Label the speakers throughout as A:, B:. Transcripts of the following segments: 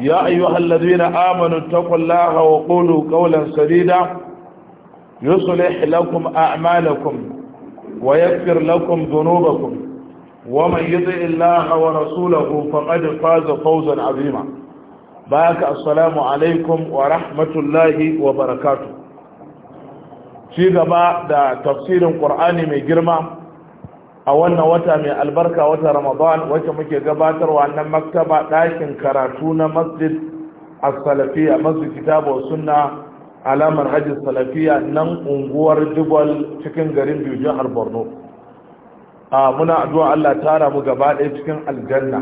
A: يا أيها الذين آمنوا اتقوا الله وقولوا قولا سديدا يصلح لكم أعمالكم ويغفر لكم ذنوبكم ومن يطع الله ورسوله فقد فاز فوزا عظيما باك السلام عليكم ورحمة الله وبركاته في غباء تفسير القرآن من جرمه a wannan wata mai albarka wata ramadan wacce muke gabatarwa na maktaba ɗakin karatu na masjid a salafiya masjid kitabu sunna alamar hajji salafiya nan unguwar dubal cikin garin biyu alborno. borno a muna addu'a allah tara mu gaba ɗaya cikin aljanna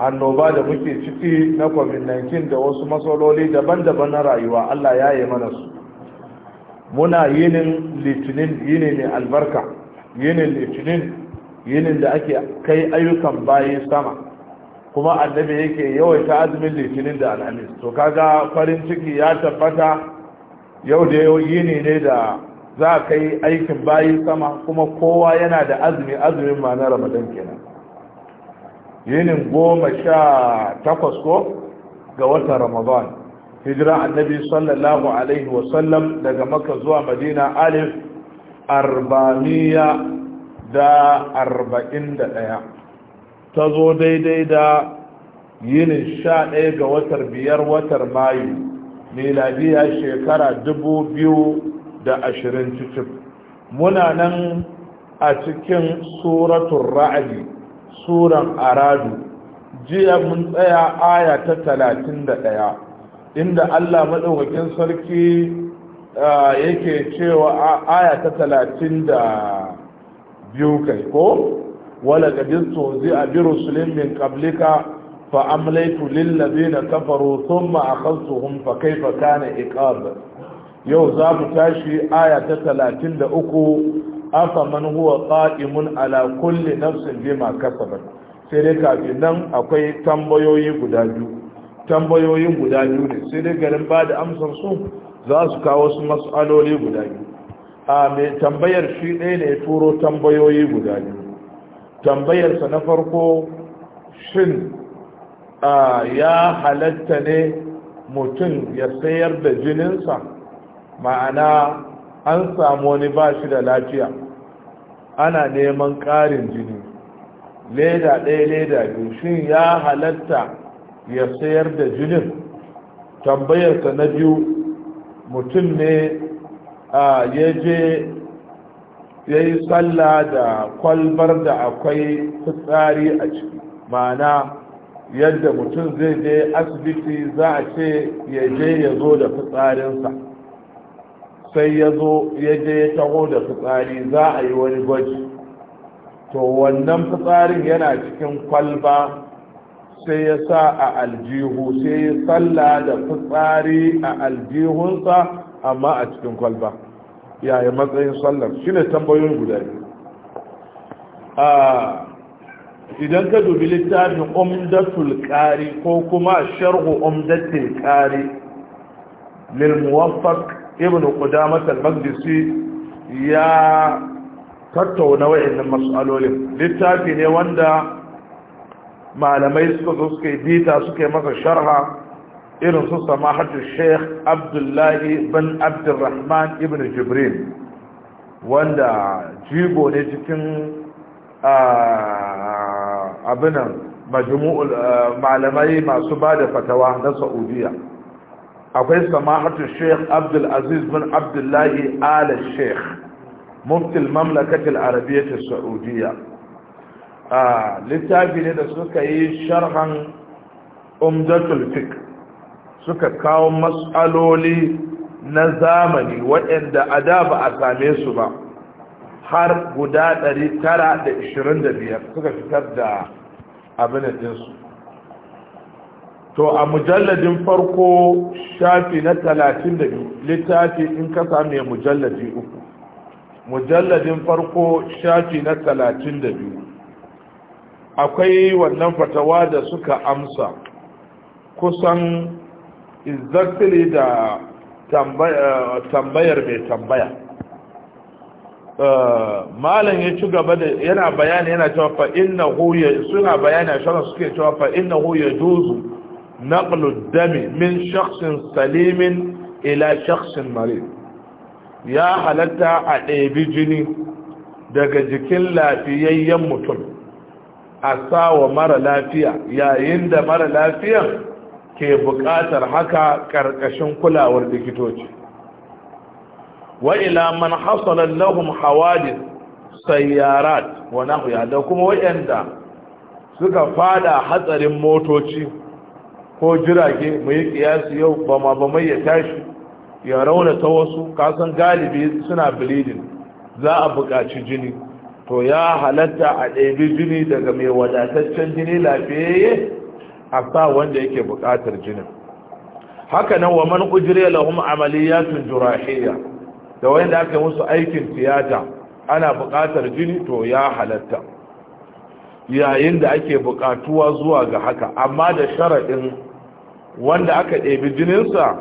A: annoba da muke ciki na covid-19 da wasu matsaloli daban-daban na rayuwa allah ya yi mana su muna yinin litinin yini ne albarka yinin litinin yinin da ake kai ayyukan bayi sama kuma annabi yake ta azumin litinin da alhamis to kaga farin ciki ya tabbata yau da yau yini ne da za a kai aikin bayi sama kuma kowa yana da azumi azumin ma na ramadan kenan yinin goma sha takwas ko ga watan ramadan hijira annabi sallallahu alaihi wasallam daga maka zuwa madina alif arba'amiya da arba'in da ɗaya ta zo daidai da yinin sha ɗaya ga watar biyar watar mayu miladiya shekara dubu biyu da ashirin cikin muna nan a cikin suratun ra'adi suran aradu jiya mun tsaya aya ta talatin da ɗaya inda allah maɗaukakin sarki ah, yake cewa aya ta talatin da biyu kai ko wala kadin tozi a bi rusulin min qablika fa amlaitu lil ladina kafaru thumma akhadhtuhum fa kayfa kana iqab yau za mu tashi aya ta 33 afa man huwa qa'imun ala kulli nafsin bima kasabat sai dai kafin nan akwai tambayoyi guda biyu tambayoyin guda biyu ne sai dai garin ba da amsar su za su kawo su mas'aloli guda biyu a mai tambayar shi ɗaya ne turo tambayoyi guda biyu tambayarsa na farko shin ya halatta ne mutum ya sayar da jininsa ma'ana an samu wani bashi da lafiya ana neman ƙarin jini leda ɗaya leda biyu shin ya halatta ya sayar da jinin tambayarsa na biyu mutum ne ya je ya yi tsalla da kwalbar da akwai fitsari a ciki mana yadda mutum zai je asibiti za a ce ya je ya zo da fitsarinsa sai ya zo ya je ya taho da fitsari za a yi wani gwaji to wannan fitsarin yana cikin kwalba sai ya sa a aljihu sai ya tsalla da fitsari a aljihunsa amma a cikin kwalba yaya matsayin sallar shi ne tambayoyin guda idan ka dubi littafin umdatul kari ko kuma sharhu umdatul kari lil muwaffaq ibn qudamah al-maqdisi ya tattauna wayannan mas'alolin littafi ne wanda malamai suka zo suka bita suka yi masa sharha irin su samahatu sheikh abdullahi bin abdurrahman ibn jibril wanda jigo ne cikin abinan malamai masu ba da fatawa na saudiya akwai samahatu sheikh abdulaziz bin abdullahi ala sheikh muftil mamlakatul arabiyyatul saudiya littafi ne da suka yi sharhan umdatul fiqh suka kawo matsaloli na zamani waɗanda a da ba a same su ba har guda 925 suka fitar da abinatinsu to a mujalladin farko shafi na 32 littafi in ka same mujalladi uku mujalladin farko shafi na 32 akwai wannan fatawa da suka amsa kusan exactly da tambayar mai tambaya eh, malam ya ci gaba da yana bayani yana cewa fa inna huya suna bayani a suke cewa fa inna huya juzu naqlu dami min shakhsin salimin ila shakhsin marid ya halatta a ɗebi jini daga jikin lafiyayyen mutum a sawa mara lafiya yayin da mara lafiyan ke buƙatar haka ƙarƙashin kulawar likitoci wa ila man hasala lahum hawadith sayyarat wa nahya da kuma wayanda suka fada hatsarin motoci ko jirage mu yi kiyasi yau ba ma ba mai ya tashi ya rauna ta wasu kasan galibi suna bleeding za a buƙaci jini to ya halatta a ɗebi jini daga mai wadataccen jini lafiyayye a sa wanda yake bukatar jinin haka nan wa man ujriya lahum amaliyatun jurahiyya da wanda aka musu aikin tiyata ana bukatar jini to ya halatta yayin da ake bukatuwa zuwa ga haka amma da sharaɗin wanda aka ɗebi jininsa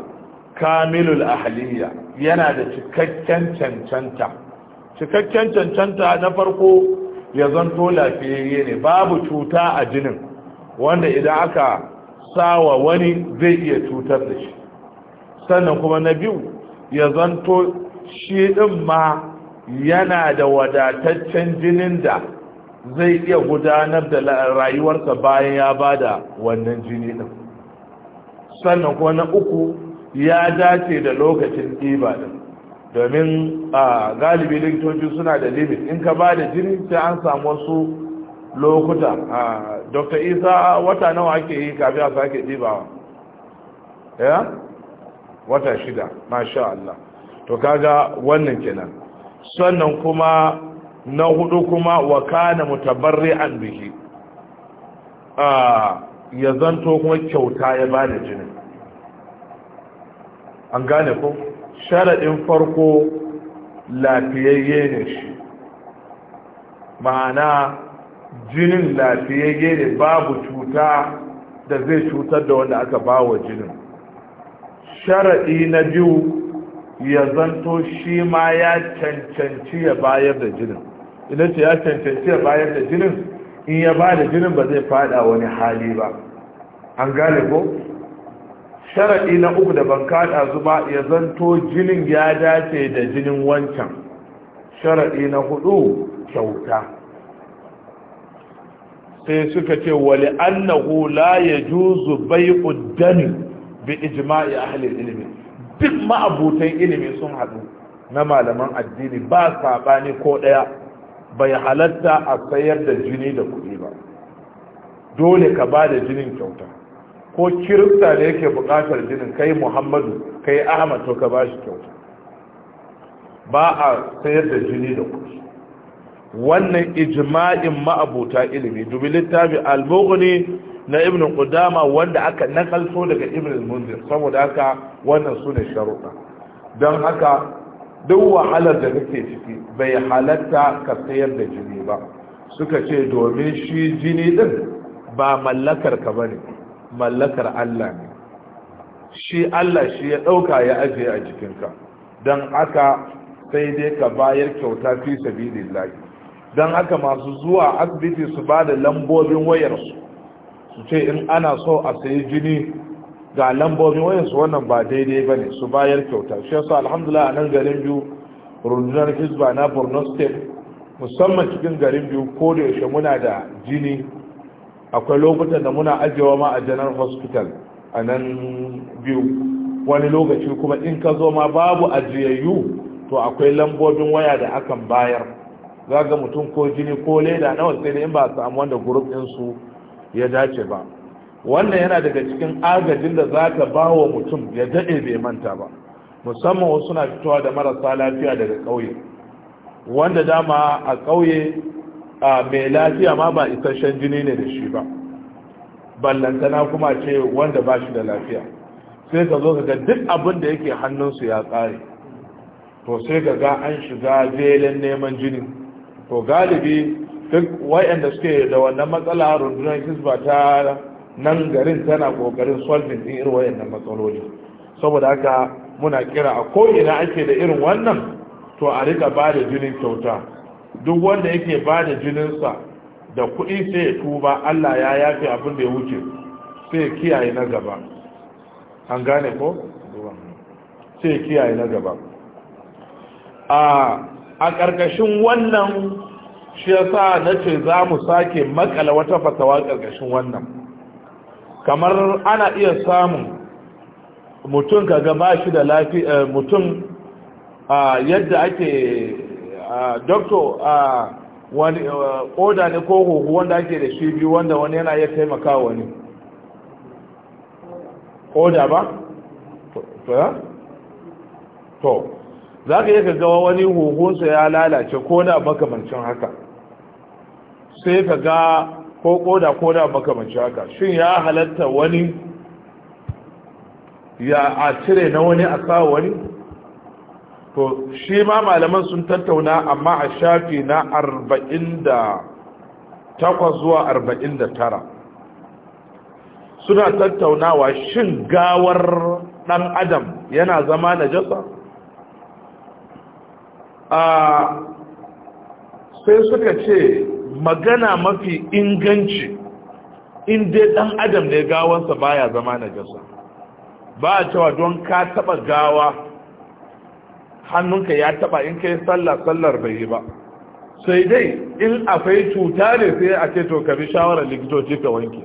A: kamilul ahliya yana da cikakken cancanta cikakken cancanta na farko ya zanto lafiyayye ne babu cuta a jinin wanda idan aka sawa wani zai iya cutar da shi sannan kuma na biyu ya zanto shi ɗin ma yana da wadataccen jinin da zai iya gudanar da rayuwarsa bayan ya ba da wannan jini ɗin sannan kuma na uku ya dace da lokacin ɗiba ɗin domin a galibi likitoci suna da limit in ka ba da jini sai an samu wasu lokuta dr isa wata nawa ake yi kafin a sake ɗibawa ya wata shida masha Allah to kaga wannan kenan sannan kuma na hudu kuma wa kana an biki biki ya zanto kuma kyauta ya bada jini an gane ko sharadin farko lafiyayye ne shi ma'ana jinin lafiyayye ne babu cuta da zai cutar da wanda aka ba wa jinin sharaɗi na biyu ya zanto shi ma ya cancanci ya bayar da jinin idan ce ya cancanci ya bayar da jinin in ya ba da jinin ba zai fada wani hali ba an gane ko sharaɗi na uku da ban kaɗa zuba ya zanto jinin ya dace da jinin wancan sharaɗi na hudu kyauta sai suka ce wali annahu la yajuzu bai'ud dami bi ijma'i ahli ilimi duk ma'abutan ilimi sun haɗu? na malaman addini ba saɓani ko ɗaya bai halatta a sayar da jini da kuɗi ba dole ka ba da jinin kyauta ko kirista ne yake buƙatar jinin kai muhammadu kai ahmad to ka ba shi kyauta ba a sayar da jini da kuɗi wannan ijma'in ma'abuta ilimi dubi littafi al-mughni na ibn qudama wanda aka nakalto daga ibn al-munzir saboda haka wannan sune sharuɗa don haka duk wahalar da kake ciki bai halatta ka sayar da jini ba suka ce domin shi jini din ba mallakar ka bane mallakar Allah ne shi Allah shi ya dauka ya ajiye a jikinka don haka sai dai ka bayar kyauta fi sabilillahi don haka masu zuwa asibiti su ba da lambobin wayarsu su ce in ana so a sayi jini ga lambobin wayarsu wannan ba daidai ba ne su bayar kyauta shi yasa alhamdulillah a nan garin biyu rundunar hizba na borno state musamman cikin garin biyu ko da yaushe muna da jini akwai lokutan da muna ajiyewa ma a janar hospital a nan biyu wani lokaci kuma in ka zo ma babu ajiyayyu to akwai lambobin waya da akan bayar za ga mutum ko jini ko leda nawa sai dai in ba a samu wanda gurub din su ya dace ba wannan yana daga cikin agajin da za ka ba wa mutum ya daɗe bai manta ba musamman wasu na fitowa da marasa lafiya daga ƙauye wanda dama a ƙauye mai lafiya ma ba isasshen jini ne da shi ba ballantana kuma ce wanda ba shi da lafiya sai ka zo ga duk abin da yake hannunsu ya tsare to sai ka ga an shiga jelen neman jini to galibi duk wayanda suke da wannan matsala rundunar hizba ta nan garin tana kokarin solving din irin wayannan matsaloli saboda haka muna kira a ko ina ake da irin wannan to a rika ba da jinin kyauta duk wanda yake ba da jininsa da kuɗi sai ya tuba Allah ya yafi abin da ya wuce sai ya kiyaye na gaba an gane ko sai ya kiyaye na gaba ah, a ƙarƙashin wannan shi ya sa na ce za mu sake makala wata fatawa ƙarƙashin wannan kamar ana iya samun mutum kaga ba shi da lafiya eh, mutum yadda ake doktor wani eh, oda ne ko huhu wanda ake da shi biyu wanda wani yana iya taimaka wani oda ba? to za ka iya ga wani huhunsa ya lalace ko da makamancin haka sai ka ga ko koda da makamancin haka shin ya halatta wani ya a cire na wani a sa wani to shi ma malaman sun tattauna amma a shafi na arba'in da takwas zuwa arba'in da tara suna tattaunawa shin gawar ɗan adam yana zama na jasa sai suka ce magana mafi inganci in dai dan adam ne gawansa baya zama na jasa ba a cewa don ka taba gawa hannunka ya taba in kai sallah sallar bai yi ba sai dai in akwai cuta ne sai a ce to ka bi shawarar likitoci ka wanke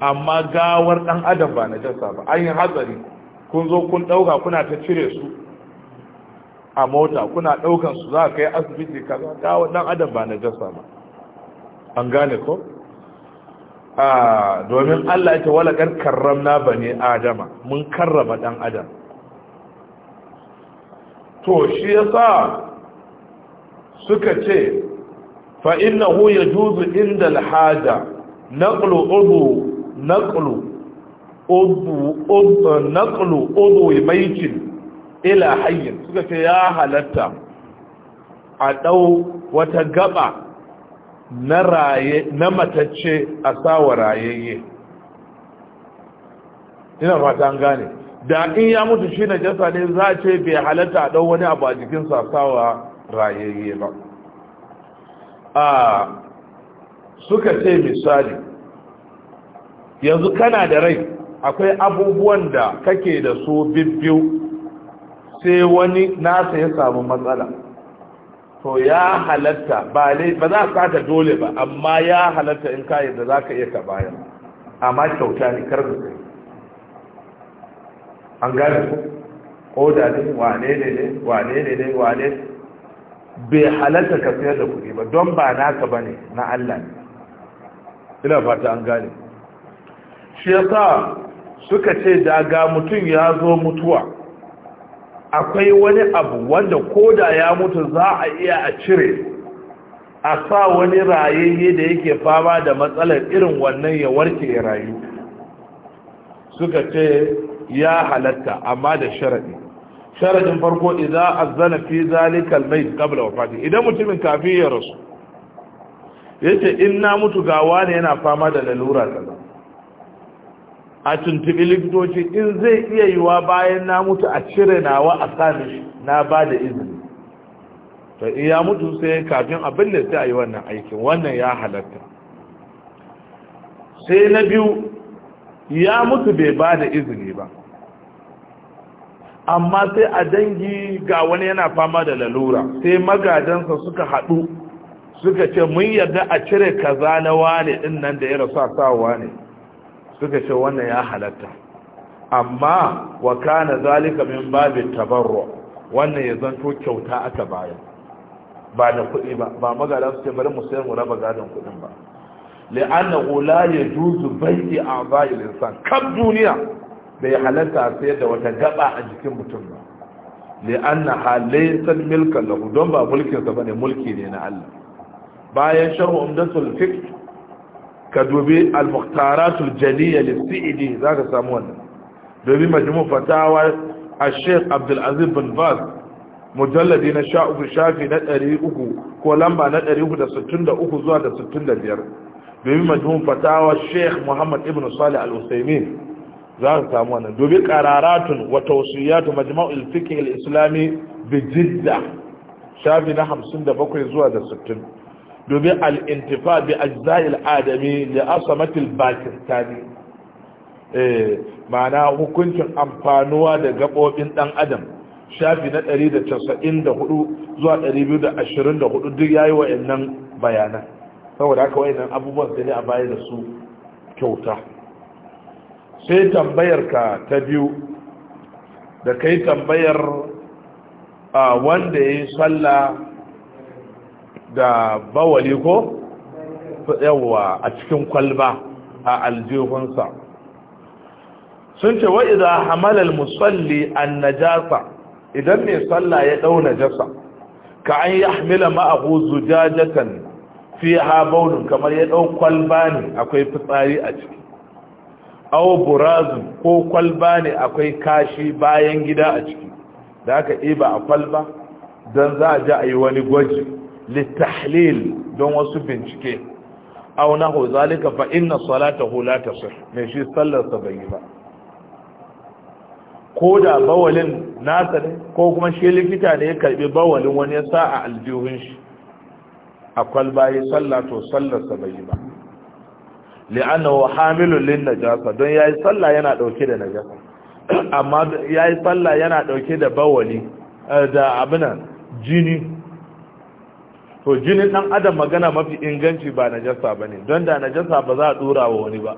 A: amma gawar ɗan adam ba na jasa ba an yi hatsari kun zo kun dauka kuna ta cire su a mota kuna ɗaukan su za ka yi asibiti ka ga wannan adam ba na jasa ba an gane ko domin Allah ya ce wala kan karramna bani adama mun karrama dan adam to shi yasa suka ce fa innahu yajuzu inda alhaja naqlu udhu naqlu udhu naqlu udhu maytin ila hayyin suka ce ya halatta a ɗau wata gaba na raye na matacce a sawa rayayye ina fata an gane da in ya mutu shi na jasa ne za a ce bai halatta a ɗau wani abu a jikin sawa rayayye ba a suka ce misali yanzu kana da rai akwai abubuwan da kake da su bibbiyu sai wani nasa ya samu matsala to ya halatta ba ba za ka ta dole ba amma ya halatta in kayan da za ka iya ka bayan amma kyauta ne karbi kai an gane ko da ne wane ne ne wane ne ne wane bai halatta ka sayar da kuɗi ba don ba naka ba ne na Allah ne ina fata an gane shi ya sa suka ce daga mutum ya zo mutuwa akwai wani abu wanda ko da ya mutu za a iya a cire a sa wani rayayye da yake fama da matsalar irin wannan ya warke ya rayu suka ce ya halatta amma da sharaɗi sharaɗin farko idan azana fi zalikal kabla qabla wafati idan mutumin kafin ya rasu yace in na mutu gawa ne yana fama da lalura kaza a tuntubi likitoci in zai iya yiwa bayan na mutu a cire nawa a sami na ba da izini to in ya mutu sai kafin abin da sai a yi wannan aikin wannan ya halatta sai na biyu ya mutu bai ba da izini ba amma sai a dangi ga wani yana fama da lalura sai magadansa suka haɗu suka ce mun yarda a cire kaza na wane ɗin nan da ya rasa sawa ne suka ce wannan ya halatta amma wa kana zalika min babin tabarru wannan ya zanto kyauta aka baya ba da kuɗi ba ba magada su ce bari mu sayar mu raba gadon kuɗin ba li'annahu la yajuzu bai'i a'dha'i al-insan kab duniya bai halatta a sayar da wata gaba a jikin mutum ba li'anna halaysan milkan lahu don ba mulkin sa bane mulki ne na Allah bayan sharhu umdatul fiqh ka dubi al-muqtaratul jaliya lis-sa'idi ka samu wannan dubi majmu fatawa al-sheikh Abdul Aziz bin Baz mujalladi na 13 shafi na 300 ko lamba na 363 zuwa da 65 dubi majmu fatawa sheikh Muhammad ibn Salih al-Usaymin ka samu wannan dubi qararatun wa tawsiyatu majmu' al-fiqh al-islami bi Jidda shafi na 57 zuwa da 60 domin al'intifa bi ajzayil adami da asamatil ne. Eh, ma'ana hukuncin amfanuwa da gaɓoɓin ɗan adam shafi na 194 zuwa 224 duk yayi wa'annan bayanan saboda haka nan abubuwan sai a bayar da su kyauta sai tambayar ka ta biyu da kai tambayar ah, wanda ya yi sallah da bawali ko yawa a cikin kwalba a aljihunsa sun ce wa idan hamalar musalli an najasa idan mai sallah ya ɗau najasa ka an yi hamila ma'abu zujajatan fi ha kamar ya ɗau kwalba ne akwai fitsari a ciki au burazin ko kwalba ne akwai kashi bayan gida a ciki da aka ɗiba a kwalba don za a ji a yi wani gwaji litahlil don wasu bincike aw nahu zalika fa inna salatahu la tasih Me shi sallar sa bai ba ko da bawalin nasa ne ko kuma shi likita ne ya karbi bawalin wani ya sa a aljihun shi a kwalba ya sallah to sallar sa bai ba wa hamilun lin najasa don yayi sallah yana dauke da najasa amma yayi sallah yana dauke da bawali da abinan jini to jinin dan adam magana mafi inganci ba najasa ne don da najasa ba za a dora wa wani ba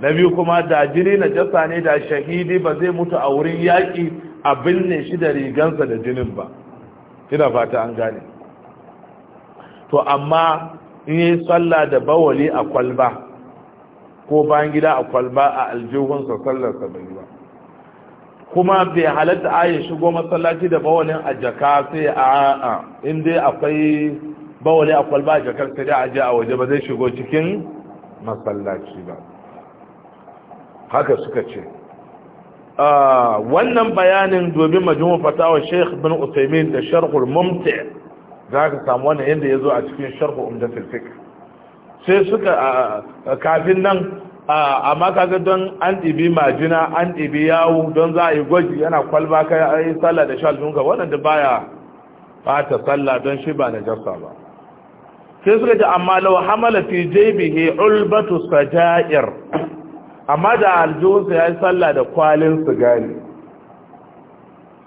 A: na biyu kuma da jini najasa ne da shahidi ba zai mutu a wurin yaƙi a binne shi da rigansa da jinin ba ina fata an gane to amma in yi sallah da bawali a kwalba ko bayan gida a kwalba a aljihunsa sallarsa bai yi ba kuma bai halatta a ya shigo masallaci da bawalin a jaka sai a a inda akwai bawali a kwalba a jakar sai da aje a waje ba zai shigo cikin masallaci ba haka suka ce wannan bayanin domin majmu'u fatawa Sheikh bin Uthaymeen da Sharhul Mumti' zaka samu wannan ya yazo a cikin Sharh Umdatul Fiqh sai suka kafin nan amma kaga don an ɗibi majina an ɗibi yawu don za a yi gwaji yana kwalba ka a yi sallah da wannan waɗanda baya ɓata sallah don shi ba na jasa ba sai suka ji amma lau hamala fi jaibihi ulbatu sajair amma da aljihunsa ya yi sallah da kwalin sigari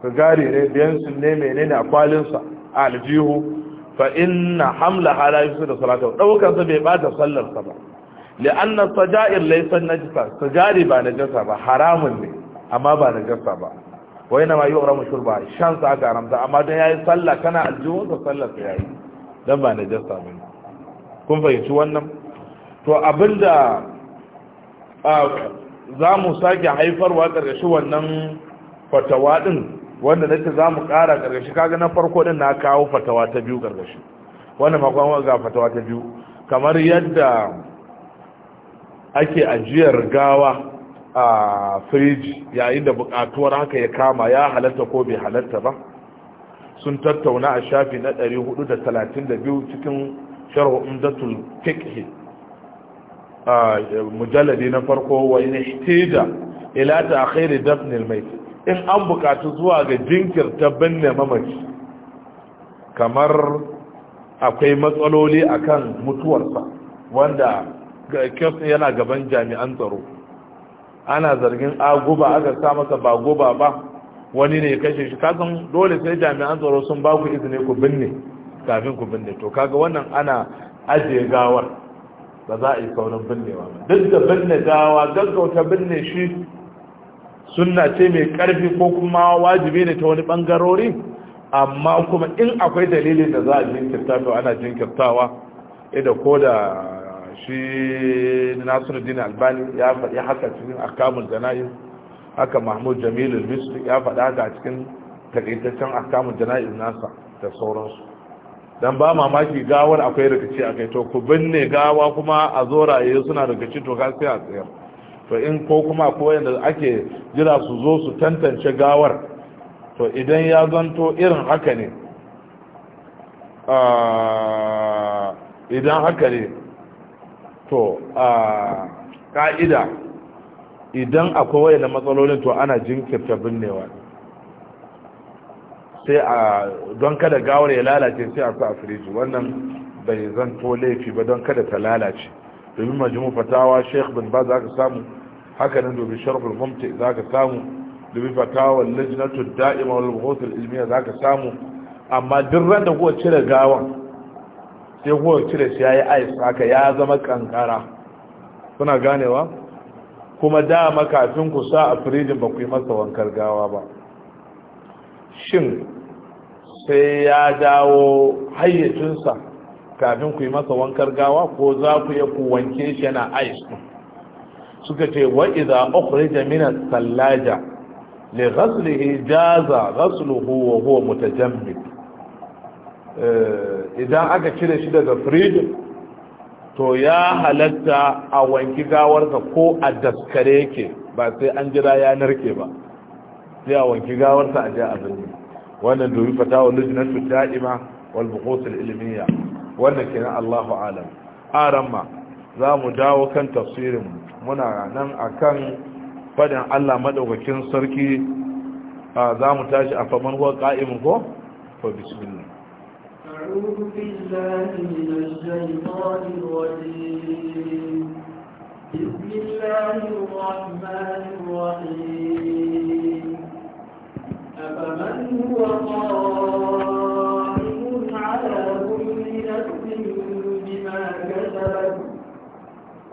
A: sigari ne biyan su ne menene a kwalinsa aljihu fa inna hamla halayensu da salata ɗaukansa bai ɓata sallarsa ba li'anna sajair laysa najisa sajari ba najasa ba haramun ne amma ba najasa ba wa yana ma yu'ramu shurba shan sa aka haramta amma dan yayi sallah kana aljihun sa sallah sa yayi dan ba najasa kun fahimci wannan to abinda za mu sake haifarwa ƙarƙashin wannan fatawa wanda nake za mu ƙara ƙarƙashi kaga na farko din na kawo fatawa ta biyu ƙarƙashi wannan makon ga fatawa ta biyu kamar yadda ake ajiyar gawa a firiji yayin da bukatuwar haka ya kama ya halatta ko bai halatta ba sun tattauna a shafi na 432 cikin sharhu umdatul fiqh mujalladi na farko wa in ihtija ila ta'khir dafn al-mayt in an bukatu zuwa ga jinkirta binne mamaci kamar akwai matsaloli akan mutuwarsa wanda kyos yana gaban jami'an tsaro ana zargin a aka sa masa ba guba ba wani ne kashe shi kasan dole sai jami'an tsaro sun ba ku izini ku binne kafin ku binne to kaga wannan ana ajiye gawar ba za a yi saurin binnewa duk da binne gawa gaggauta binne shi sunna ce mai karfi ko kuma wajibi ne ta wani bangarori amma kuma in akwai dalilin da za a jinkirta to ana jinkirtawa ida ko da shi dini albani ya faɗi haka cikin akamun jana'iz haka mahmud jamilu misri ya faɗi haka cikin takaitaccen akamun jana'iz nasa da sauransu don ba mamaki gawar akwai rikici a kai to ku binne gawa kuma a zo raye suna rikici to ka sai a tsayar to in ko kuma ko yadda ake jira su zo su tantance gawar to idan ya zanto irin haka ne idan haka ne to a ka'ida idan akwai na matsalolin to ana jinkirta binnewa sai a don kada gawar ya lalace sai a sa a firiji wannan bai zan to laifi ba don kada ta lalace domin majimu fatawa sheikh bin ba za ka samu haka nan domin sharfin mamta za ka samu domin fatawa lajnatu da'imawar wal ilmiya za ka samu amma duk ran da kuwa cire gawan sai cire shi ya yi ice haka ya zama kankara suna ganewa kuma dama kafin ku sa a firijin ba ku yi masa wankar gawa ba shin sai ya dawo hayyacinsa kafin ku yi masa wankar gawa ko za ku yi ku wanke shi yana ice suka ce wa iza ukhrija min as-sallaja li ghaslihi jaza ghasluhu wa huwa mutajammid Eh, idan aka cire shi daga firijin to ya halatta a wanki gawarsa ko a daskare yake ba sai an jira ya narke ba sai a wanki gawarsa a jiya a birni wannan domin fatawa lujinatu da'ima wal buqosul ilmiya wannan kenan Allahu alam ramma, za mu dawo kan tafsirin muna nan a kan fadin Allah maɗaukakin sarki za mu tashi a faman ko ka'imu ko fa bismillah أعوذ بالله من الشيطان الرجيم بسم الله الرحمن الرحيم أفمن هو قائم على كل نفس بما كسبت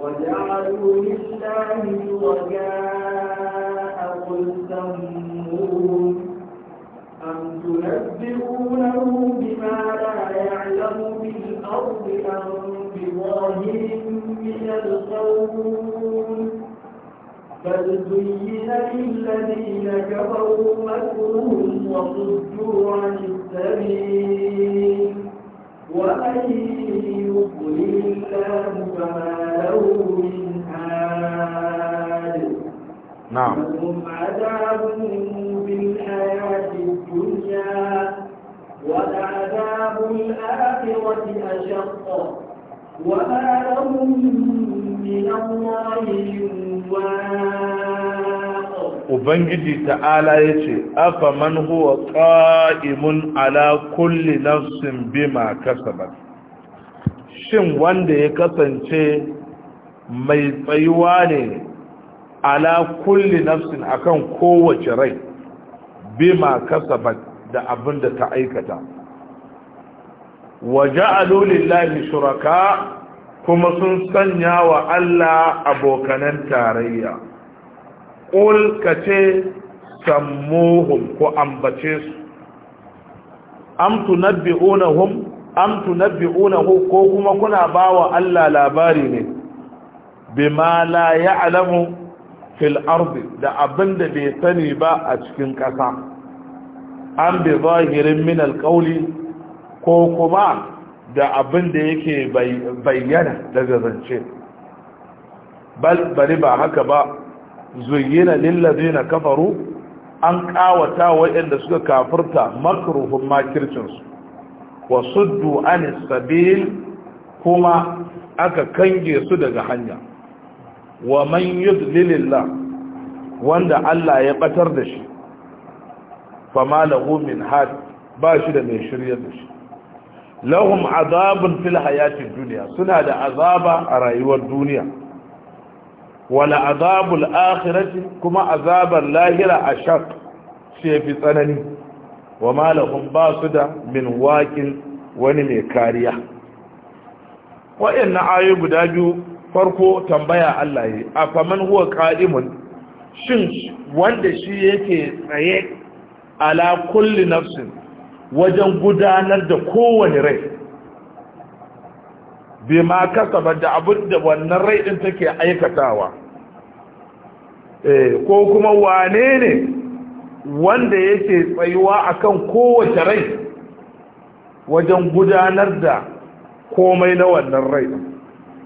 A: وجعلوا لله شركاء قل سموهم أم تنبئونه بظاهر من القول بل زين للذين كفروا مكرهم وصدوا عن السبيل ومن يضلل الله فما له من هاد نعم لهم عذاب في الحياة الدنيا ولعذاب الآخرة أشق وما لهم من الله Ubangiji ta'ala ya ce, Afa man huwa ƙa'imun ala kulli nafsin bima kasabat. Shin wanda ya kasance mai tsayuwa ne ala kulli nafsin akan kowace rai bima kasabat da abin da ta aikata waje alulillahi lillahi shuraka kuma sun sanya wa Allah abokanen tarayya qul kace sammuhum ko ambace su am tunabbi'unahum am tunabbi'unahu ko kuma kuna bawa Allah labari ne bima la ya'lamu fil ardi da abinda bai sani ba a cikin ƙasa an bi zahirin min alƙauli ko kuma da abin da yake bayyana daga zance bal bari ba haka ba zuyyina lillazina kafaru an kawata waɗanda suka kafirta makruhum makircinsu wa suddu an sabil kuma aka kange su daga hanya wa man yudlilillah wanda Allah ya batar da shi fama lahu min had ba shi da mai shirya da shi lahum azabun fil hayatid dunya suna da azaba a rayuwar duniya wala azabul akhirati kuma azabar lahira ashaq shi fi tsanani wa ba su da min waqin wani mai kariya wa'annan ayu guda biyu farko tambaya Allah yi a faman huwa qa'imun shin wanda shi yake tsaye ala kulli nafsin wajen gudanar da kowane rai bai ma kasaba da abin da wannan rai din take aikatawa eh, ko kuma wane ne wanda yake tsayuwa akan kowace rai wajen gudanar da komai na wannan rai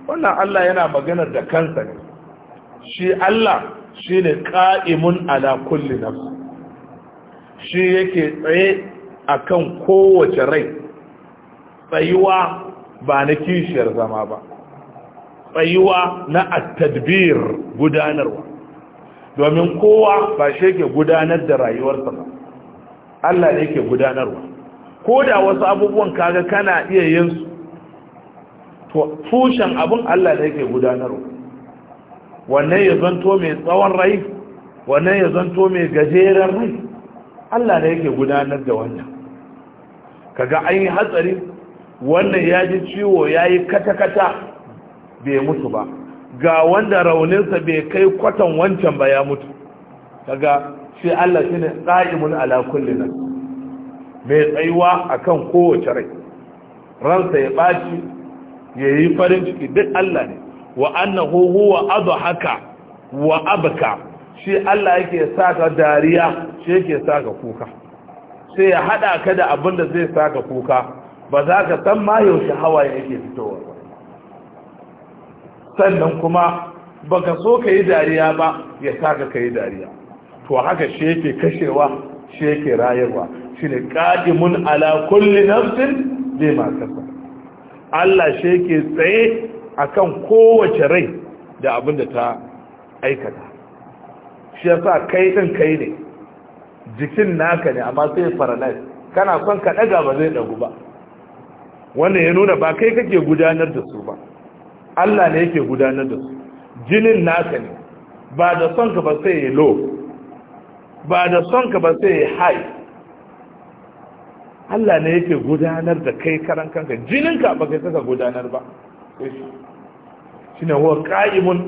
A: wannan Allah yana maganar da kansa ne shi Allah shine ƙa'imun ala kulli nafsin shi yake tsaye akan kowace rai tsayuwa ba na kishiyar zama ba tsayuwa na attadbir gudanarwa domin kowa ba shi yake gudanar da rayuwarsa ba Allah ne yake gudanarwa ko da wasu abubuwan kaga kana iya yin su to tushen abin Allah ne yake gudanarwa wannan ya zanto mai tsawon rai wannan ya zanto mai gajeren rai Allah ne yake gudanar da wannan kaga an yi hatsari wannan ya ji ciwo ya yi kata-kata bai mutu ba ga wanda rauninsa bai kai kwatan wancan ba ya mutu kaga shi Allah shi ne tsa'imun ala nan mai tsayuwa akan kowace rai ransa ya ɓaci ya yi farin ciki duk Allah ne wa annahu huwa haka wa abu shi Allah yake sa ka dariya shi yake sa ka kuka sai ya hada ka da abin da zai sa ka kuka ba za ka san ma yaushe hawaye yake fitowa sannan kuma baka so ka yi dariya ba ya sa ka ka yi dariya to haka shi yake kashewa shi yake rayarwa shi ne ƙadimun ala kulli nafsin zai ma Allah shi yake tsaye akan kowace rai da abin da ta aikata shi yasa kai din kai ne jikin naka ne amma sai paralyze kana son ka daga ba zai dagu ba wannan ya nuna ba kai kake gudanar da su ba Allah ne yake gudanar da su jinin naka ne ba da son ka ba sai ya low ba da son ka ba sai ya high Allah ne yake gudanar da kai karan kanka jininka ba kai saka gudanar ba ne huwa qa'imun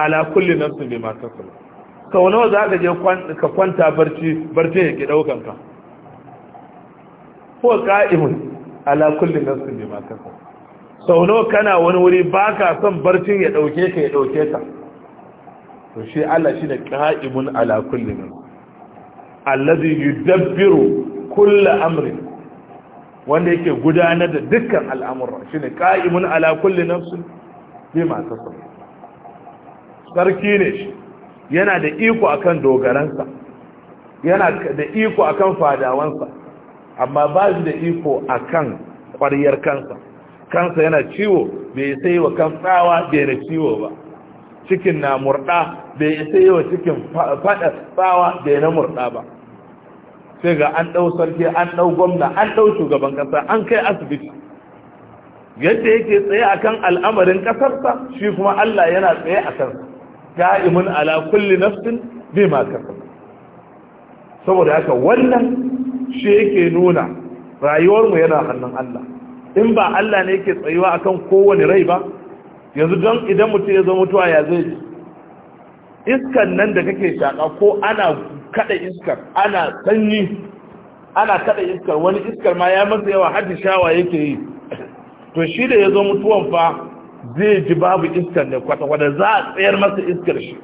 A: ala kulli nafsin bima tasaba sau nawa za ka je ka kwanta barci barcin ya ke ɗaukanka ko ka'imun ala kullum nasu ne ma kasa sau nawa kana wani wuri ba ka son barcin ya ɗauke ka ya ɗauke ka to shi Allah shi ne ka'imun ala kullum nasu allazi yudabbiru kulla amrin wanda yake gudanar da dukkan al'amura shi ne ka'imun ala kullum nasu ne ma sarki ne shi yana da iko akan dogaransa yana da iko akan fadawansa amma ba shi da iko akan ƙwaryar kansa kansa yana ciwo bai sai wa kan tsawa bai da ciwo ba cikin na murda bai sai wa cikin fada tsawa bai na murda ba sai ga an dau sarki an dau gwamna an dau shugaban ƙasa an kai asibiti yadda yake tsaye akan al'amarin kasarsa shi kuma Allah yana tsaye a kansa Ka'imun ala kulli nafsin bima kasab saboda haka wannan shi yake nuna rayuwar mu yana hannun Allah in ba Allah ne yake tsayuwa akan kowane rai ba yanzu don idan mutum ya zo mutuwa ya zai ji iskan nan da kake shaka ko ana kada iskar ana sanyi ana kada iskar wani iskar ma ya masa yawa hadin shawa yake yi to shi da ya zo mutuwan fa zai ji babu iskar ne kwata-kwata za a tsayar masa iskar shi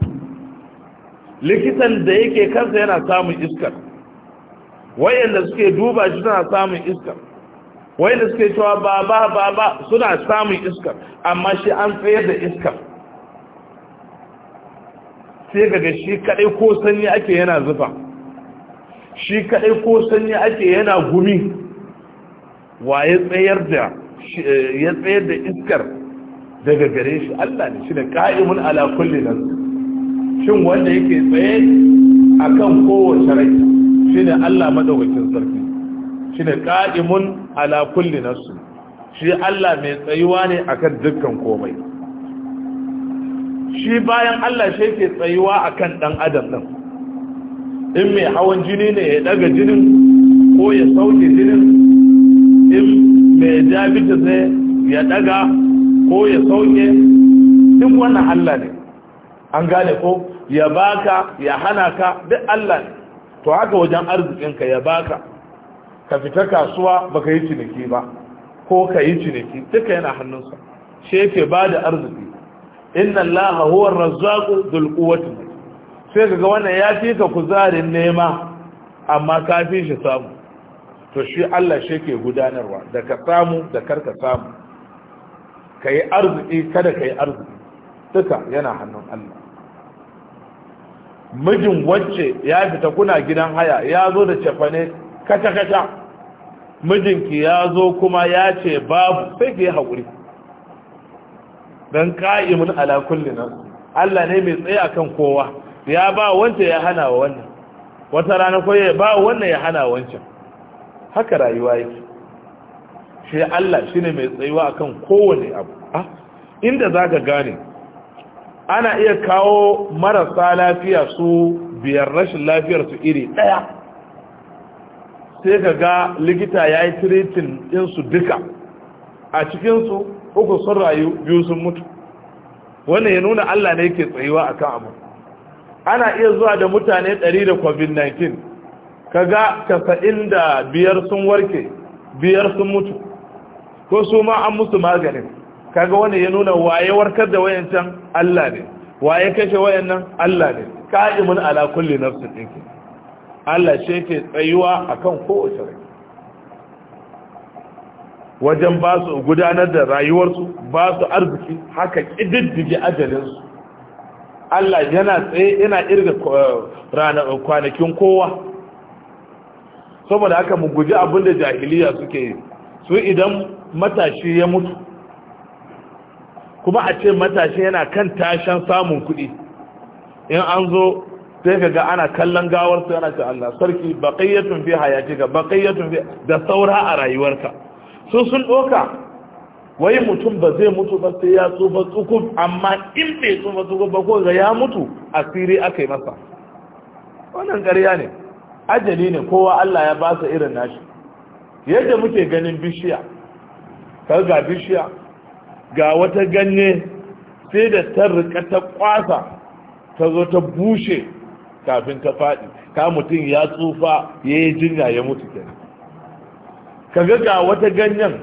A: likitan da yake kansa yana samun iskar wayanda suke duba shi suna samun iskar wayanda suke cewa ba ba ba ba suna samun iskar amma shi an tsayar da iskar sai gaga shi kadai ko sanyi ake yana zufa shi kadai ko sanyi ake yana gumi wa ya tsayar da eh, iskar daga gare shi Allah ne ne qa'imun ala kulli nan shin wanda yake tsaye akan kowace rai shi ne Allah madaukakin sarki ne qa'imun ala kulli shi Allah mai tsayuwa ne akan dukkan komai shi bayan Allah shi yake tsayuwa akan dan adam din in mai hawan jini ne ya daga jinin ko ya sauke jinin in mai ta sai ya daga ko ya sauke duk wannan Allah ne an gane ko ya baka ya hana ka duk Allah ne to haka wajen arzikinka ya baka ka fita kasuwa baka yi ciniki ba ko ka yi ciniki duka yana hannunsa shi yake ba da arziki inna allaha huwa razzaqu dhul quwwati sai kaga wannan ya fi ka kuzarin nema amma kafin fi shi samu to shi Allah shi yake gudanarwa da ka samu da karka samu ka yi arziki kada ka yi arziki duka yana hannun Allah mijin wacce ya fita kuna gidan haya ya zo da cefane kata-kata mijinki ya zo kuma ya ce babu sai ki yi haƙuri don ƙa'imin alakulli nan Allah ne mai tsaye kan kowa ya ba wance ya hana wa wannan wata rana ko ba wannan ya hana wancan haka rayuwa yake shi Allah shi ne mai tsayuwa a kan kowane abu ah, inda za zaka gane ana iya kawo marasa lafiya su biyar rashin lafiyar su iri daya sai ka ga likita ya yi tiritin ɗinsu duka a cikinsu uku sun rayu biyu sun mutu wannan ya nuna Allah ne yake tsayuwa akan abu ana iya zuwa da mutane 100 da covid-19 kaga 95 sun warke biyar sun mutu ko su ma an musu maganin kaga wani ya nuna waye warkar da wayancan Allah ne waye kashe wayannan Allah ne qa'imun ala kulli nafsin dinki Allah shi yake tsayuwa akan kowace rai wajen ba su gudanar da rayuwarsu ba su arziki haka ƙididdige ajalinsu Allah yana tsaye yana irga eh, kwanakin kowa saboda haka mu guji abinda da jahiliya suke yi su idan matashi ya mutu kuma a ce matashi yana kan tashan samun kuɗi in an zo sai ka ga ana kallon gawar su yana ce Allah sarki baƙayyatun fi hayati ga baƙayyatun fi da saura a rayuwarka sun sun ɗoka wai mutum ba zai mutu ba sai ya tsufa tsukuf amma in bai tsufa tsukuf ba ko ga ya mutu asiri aka yi masa wannan ƙarya ne ajali ne kowa Allah ya ba su irin nashi yadda muke ganin bishiya kar ga bishiya ga wata ganye sai da ta rika ta kwasa ta zo ta bushe kafin ta faɗi ka mutum ya tsufa ya yi jinya ya mutu kenan kaga ga wata ganyen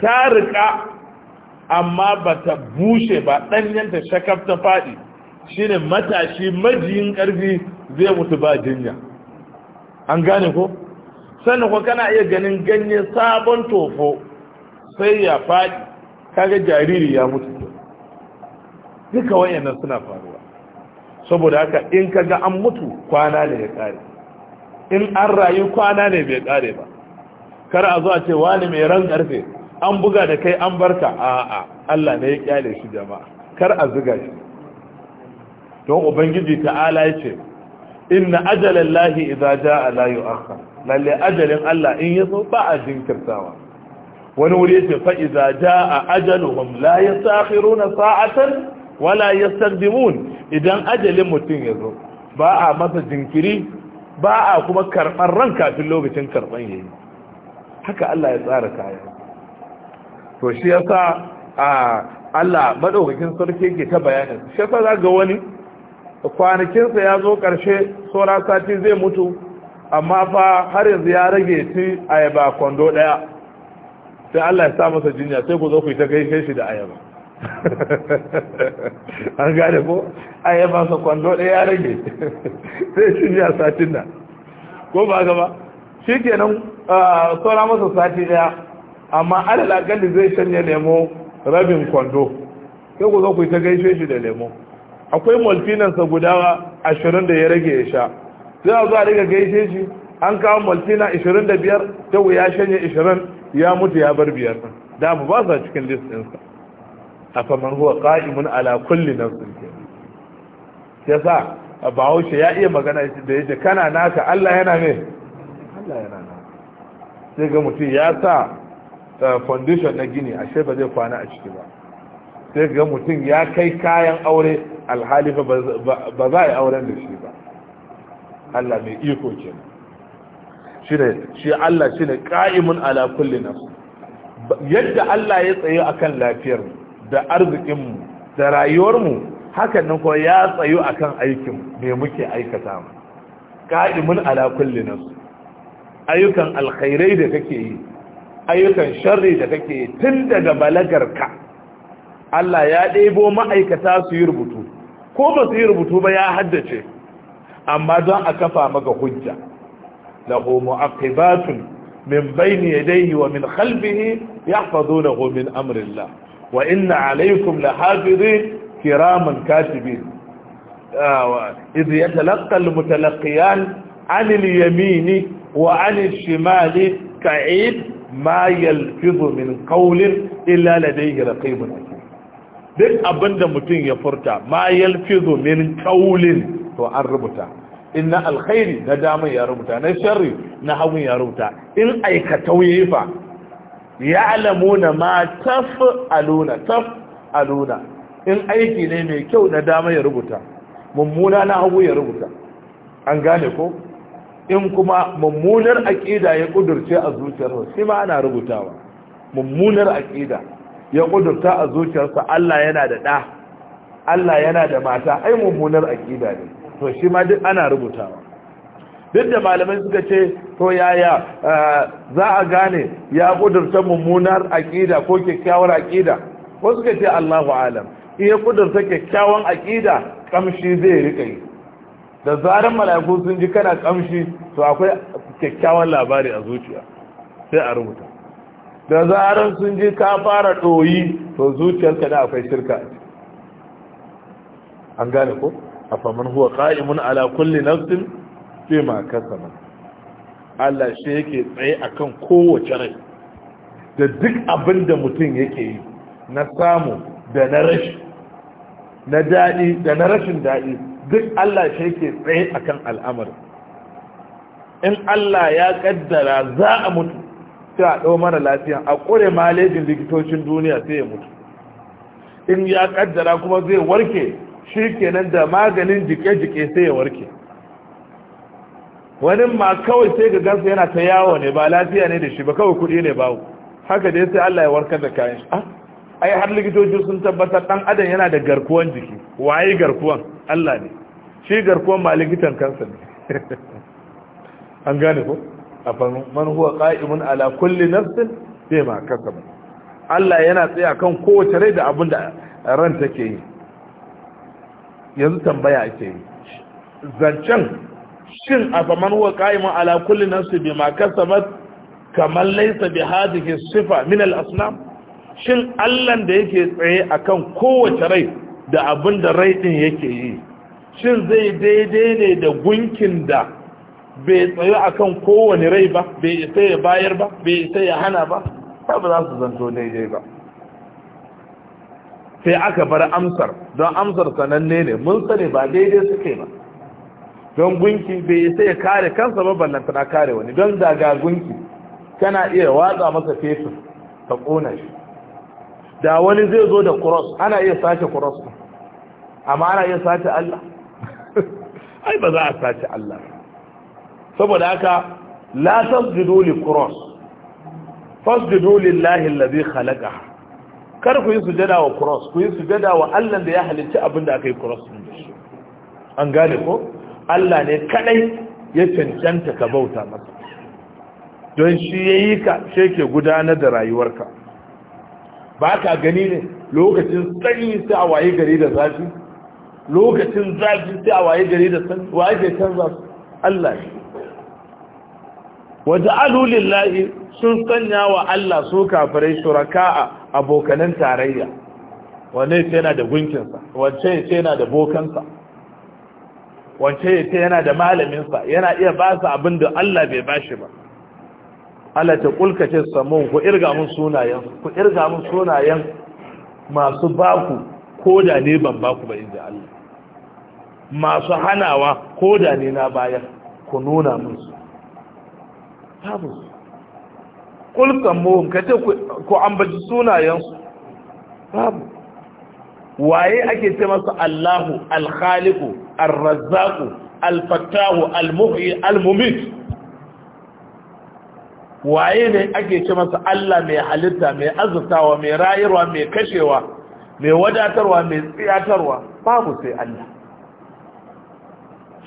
A: ta rika amma ba ta bushe ba ɗanyen ta shakaf ta faɗi shine matashi majiyin ƙarfi zai mutu ba jinya an gane ko sannan ko kana iya ganin ganye sabon tofo sai ya faɗi kaga jariri ya mutu duka wayannan suna faruwa saboda haka in kaga an mutu kwana ne ya kare in an rayu kwana ne bai kare ba kar a zo a ce wani mai ran karfe an buga da kai an barka a'a Allah ne ya kyale shi jama'a kar a zuga shi don ubangiji ta'ala ya ce inna ajalallahi idza jaa la yu'akhkhar lalle ajalin Allah in yazo ba a jinkirtawa wani wuri ce fa'iza ja a ajaluhum la ya na sa'atan wala ya sardimun idan ajalin mutum ya zo ba a masa jinkiri ba a kuma karɓar ran kafin lokacin karɓar yayi haka Allah ya tsara kaya to shi yasa a Allah madaukakin sarki ke ta bayanin shi za ga wani kwanakinsa ya zo ƙarshe saura sati zai mutu amma fa har yanzu ya rage ci ayaba kwando ɗaya sai Allah ya sa masa jinya sai ku zo ku yi ta gaishe shi da ayaba an gane ko ayaba sa kwando ɗaya ya rage sai jinya satin nan ko ba gaba shi kenan saura masa sati ɗaya amma alal akalli zai shanye lemo rabin kwando sai ku zo ku yi ta gaishe shi da lemo akwai malfinansa guda ashirin da ya rage ya sha sai a zo a riga gaishe shi an kawo malfina ashirin da biyar ta wuya shanye ashirin ya mutu ya bar biyar nan da mu ba sa cikin list a faman huwa qa'imun ala kulli nafsin yasa bahaushe ya iya magana da yace kana naka Allah yana ne Allah yana na sai ga mutum ya sa eh, foundation na gini ashe ba zai kwana a ciki ba sai ga mutum ya kai kayan aure alhalifa ba za a yi auren da shi ba Allah mai iko kenan shine shi Allah shine qa'imun ala kulli nafs yadda Allah ya tsaye akan lafiyar da arzikin mu da rayuwar mu hakan nan ko ya tsayu akan aikin me muke aikata mu qa'imun ala kulli nafs ayyukan alkhairai da kake yi ayyukan sharri da kake yi tun daga balagar ka Allah ya ɗebo ma'aikata su yi rubutu ko ba su yi rubutu ba ya haddace amma don a kafa maka hujja له معقبات من بين يديه ومن خلفه يحفظونه من أمر الله وإن عليكم لحافظين كراما كاتبين آه إذ يتلقى المتلقيان عن اليمين وعن الشمال كعيد ما يلفظ من قول إلا لديه رقيب duk abinda mutum ya furta ma yalfizu min kaulin to an rubuta in na alkhairi na damar ya rubuta na sharri na hagun ya rubuta in aikatau ya yi fa ya na ma taf aluna taf aluna in aiki ne mai kyau na dama ya rubuta mummuna na hagu ya rubuta an gane ko in kuma mummunar aƙida ya ƙudurce a zuciyar shi ma ana rubutawa mummunar aƙida ya ƙudurta a zuciyarsa Allah yana da ɗa Allah yana da mata ai mummunar aƙida ne to shi ma duk ana rubutawa duk da malamai suka ce to yaya eh, za a gane ya kudurta mummunar aƙida ko kyakkyawar aƙida ko suka ce Allahu alam iya kudurta kyakkyawan aƙida kamshi zai rika yi da zaran mala'iku sun ji kana kamshi to akwai kyakkyawan labari a zuciya sai a rubuta da zaran sun ji ka fara ɗoyi to zuciyarka da akwai shirka an gane ko afaman huwa qa'imun ala kulli nafsin bima kasaba Allah shi yake tsaye akan kowace rai da duk abin da mutum yake yi na samu da na rashi na daɗi da na rashin daɗi duk Allah shi yake tsaye akan al'amarin in Allah ya ƙaddara za a mutu sai a ɗau mara lafiya a ƙure malejin likitocin duniya sai ya mutu in ya ƙaddara kuma zai warke shi kenan da maganin jike-jike sai ya warke wani ma kawai sai ga gansa yana ta yawo ne ba lafiya ne da shi ba kawai kuɗi ne bawo haka dai sai Allah ya warkar da kayan shi ah, ai har likitoci sun tabbatar dan adam yana da garkuwan jiki waye garkuwan Allah ne shi garkuwan ba likitan kansa ne an gane ko a fanu man huwa qa'imun ala kulli nafsin bima kasaba Allah yana tsaya kan kowace rai da abin da ran take yi yanzu tambaya ake yi zancen shin a zaman huwa qa'imun ala kulli nafsin bima kasabat kamar laysa bi hadhihi sifa min al asnam shin allan da yake tsaye akan kowace rai da abin da rai din yake yi shin zai daidai ne da gunkin da bai tsaye akan kowane rai ba bai isa ya bayar ba bai isa ya hana ba ba za su zanto daidai ba sai aka bar amsar don amsar sananne ne mun sani ba daidai suke ba don gunki bai sai ya kare kansa ba ballanta na kare wani don daga gunki tana iya watsa masa fetur ta kona shi da wani zai zo da cross ana iya sace cross amma ana iya sace Allah ai ba za a sace Allah saboda haka la tasjudu li cross fasjudu lillahi allazi khalaqaha kar ku yi sujada wa cross ku yi sujada wa Allah da ya halicci abin da aka yi cross din shi an gane ko Allah ne kadai ya cancanta ka bauta masa don shi yayi ka shi ke gudanar da rayuwarka ba ka gani ne lokacin sanyi sai a waye gari da zafi lokacin zafi sai a waye gari da sanyi waye ke canza Allah ne alulin lillahi sun sanya wa Allah su kafirai a abokanin tarayya wane ce yana da gunkinsa wace ce yana da bokansa wace ce yana da malaminsa yana iya ba su abin da Allah bai bashi ba Allah ta kulka ce samu ku irga mun sunayen ku irga mun sunayen masu baku da ne ban baku ba inda Allah masu hanawa ko da ne na bayan ku nuna musu babu kulkan mohun ka ce ku ambaci sunayensu babu waye ake ce masa allahu alkhaliku arrazzaku alfattahu almuhyi almumit waye ne ake ce masa allah mai halitta mai azurtawa mai rayarwa mai kashewa mai wadatarwa mai tsiyatarwa babu sai allah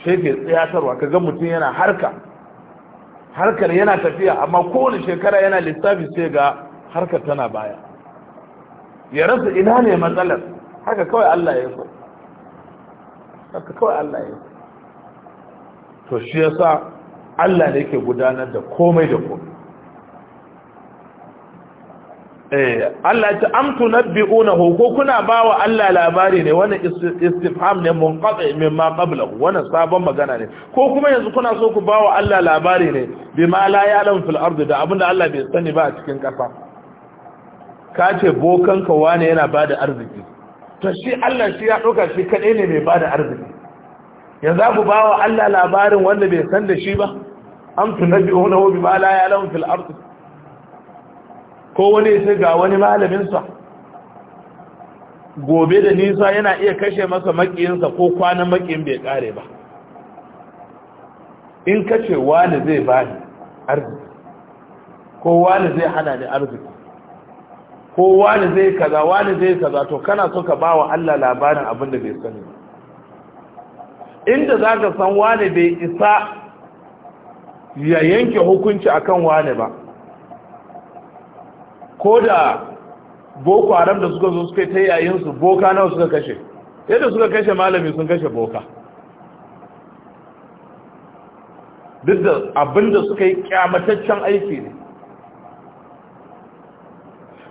A: shi ke tsiyatarwa ka ga mutum yana harka harkar yana tafiya amma kowane shekara yana lissafi sai ga harkar tana baya ya rasa ina ne matsalar haka kawai Allah ya so haka kawai Allah ya so to shi yasa Allah ne ke gudanar da komai da komai Eh, Allah ya ce am tunabbi'unahu ko kuna bawa Allah labari ne wannan istifham ne munqati ma qablahu wannan sabon magana ne ko kuma yanzu kuna so ku bawa Allah labari ne bi ma la lam fil ardi da abinda Allah bai sani ba a cikin kasa ka ce bokan ka wane yana bada arziki to shi Allah shi ya dauka shi kadai ne mai bada arziki yanzu ku bawa Allah labarin wanda bai san da shi ba am bi ma la lam fil ardi ko wani ya ga wani malaminsa gobe da nisa yana iya kashe masa makiyinsa ko kwanan makiyin bai kare ba in ka ce wani zai bani arziki ko wani zai hana ni arziki ko wani zai kaza wani zai kaza to kana so ka ba wa Allah labarin abin da bai sani inda za ka san wani bai isa ya yanke hukunci akan wani ba ko da boko haram da suka zo suka ta yayinsu, boka nawa suka kashe yadda suka kashe malami sun kashe boka
B: duk da abinda
A: suka yi kyamataccen aiki ne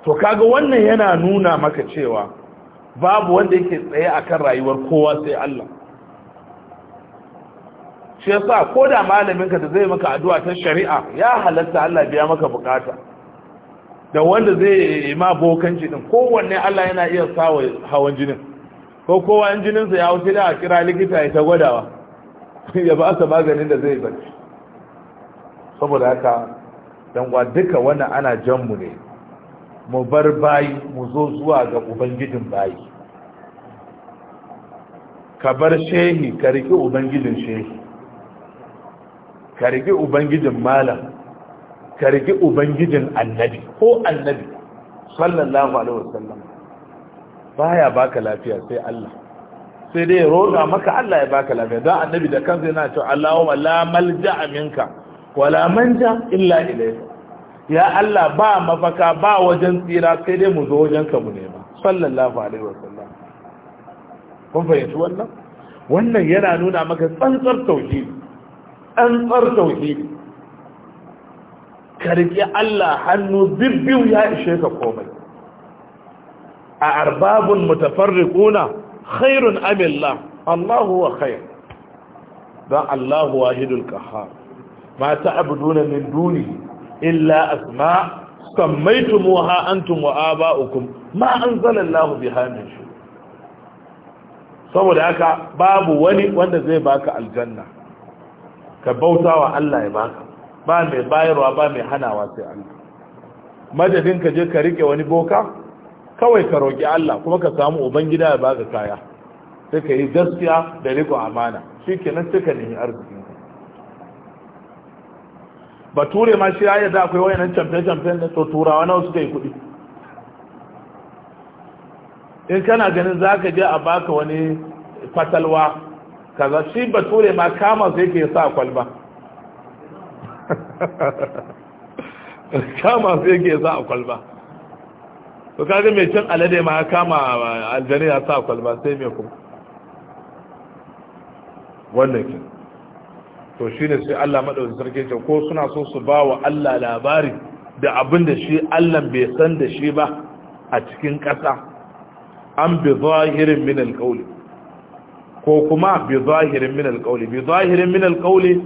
A: to kaga wannan yana nuna maka cewa babu wanda yake tsaye akan rayuwar kowa sai Allah shi yasa ko da malaminka da zai maka addu'a ta shari'a ya halatta Allah biya maka bukata da wanda zai ma bokanci din kowanne Allah yana iya sawa hawan jinin ko kowa in jininsa ya wuce da a kira likita ya ta gwadawa ya ba sa maganin da zai barci saboda haka wa duka wannan ana janmu ne mu bar bayi mu zo zuwa ga ubangijin bayi ka bar shehi ka rike ubangijin shehi ka rike ubangijin malam kargi ubangijin annabi ko annabi sallallahu alaihi wasallam baya baka lafiya sai Allah sai dai roƙa maka Allah ya baka lafiya don annabi da kansa yana cewa Allahumma la malja minka wala manja illa ilayka ya Allah ba mafaka ba wajen tsira sai dai mu zo wajen ka mu nema sallallahu alaihi wasallam kun fahimci wannan wannan yana nuna maka tsantsar tauhidi tsantsar tauhidi Ka riƙe Allah hannu bibbiw ya ishe ka komai a arbabun mutafarriquna khairun amillah Allahu wa khair dan Allahu wahidul qahhar ma ta'buduna min duni illa asma sammaytumuha antum wa aba'ukum ma anzala Allahu biha min shay saboda haka babu wani wanda zai baka aljanna ka bautawa Allah ya baka ba mai bayarwa ba mai hanawa sai Allah madadin ka je ka rike wani boka kawai ka roki Allah kuma ka samu ubangida ya baka kaya sai ka yi gaskiya da riko amana shikenan sai ka nemi arziki bature ma shi ya da akwai wayannan champion champion da turawa nawa suka yi kuɗi in kana ganin za ka je a baka wani fatalwa kaza shi bature ma kama sai ke sa kwalba kama su yake sa a kwalba to kaji mai cin alade ma ya kama aljani ya sa a kwalba sai mai kuma wannan ke to shi ne sai Allah maɗauki sarki ce ko suna so su ba wa Allah labari da abin da shi Allah bai san da shi ba a cikin ƙasa an bi zahirin min alƙauli ko kuma bi zahirin min alƙauli bi zahirin min alƙauli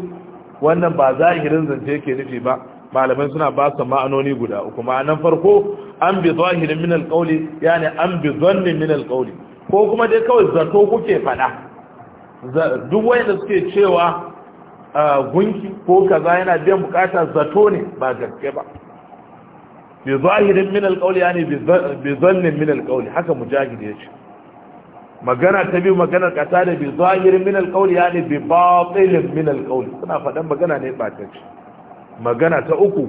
A: wannan ba zahirin zance yake nufi ba malamai suna ba su ma'anoni guda uku ma'anan farko an bi zahirin min alqawli yani an bi dhannin min alqawli ko kuma dai kawai zato kuke fada duk wanda suke cewa gunki ko kaza yana biyan bukata zato ne ba gaske ba bi zahirin min alqawli yani bi dhannin min alqawli haka mujahid yace magana ta biyu maganar kasa da bi zahirin min ya yani bi batilin min alqawli suna faɗan magana ne batacce magana ta uku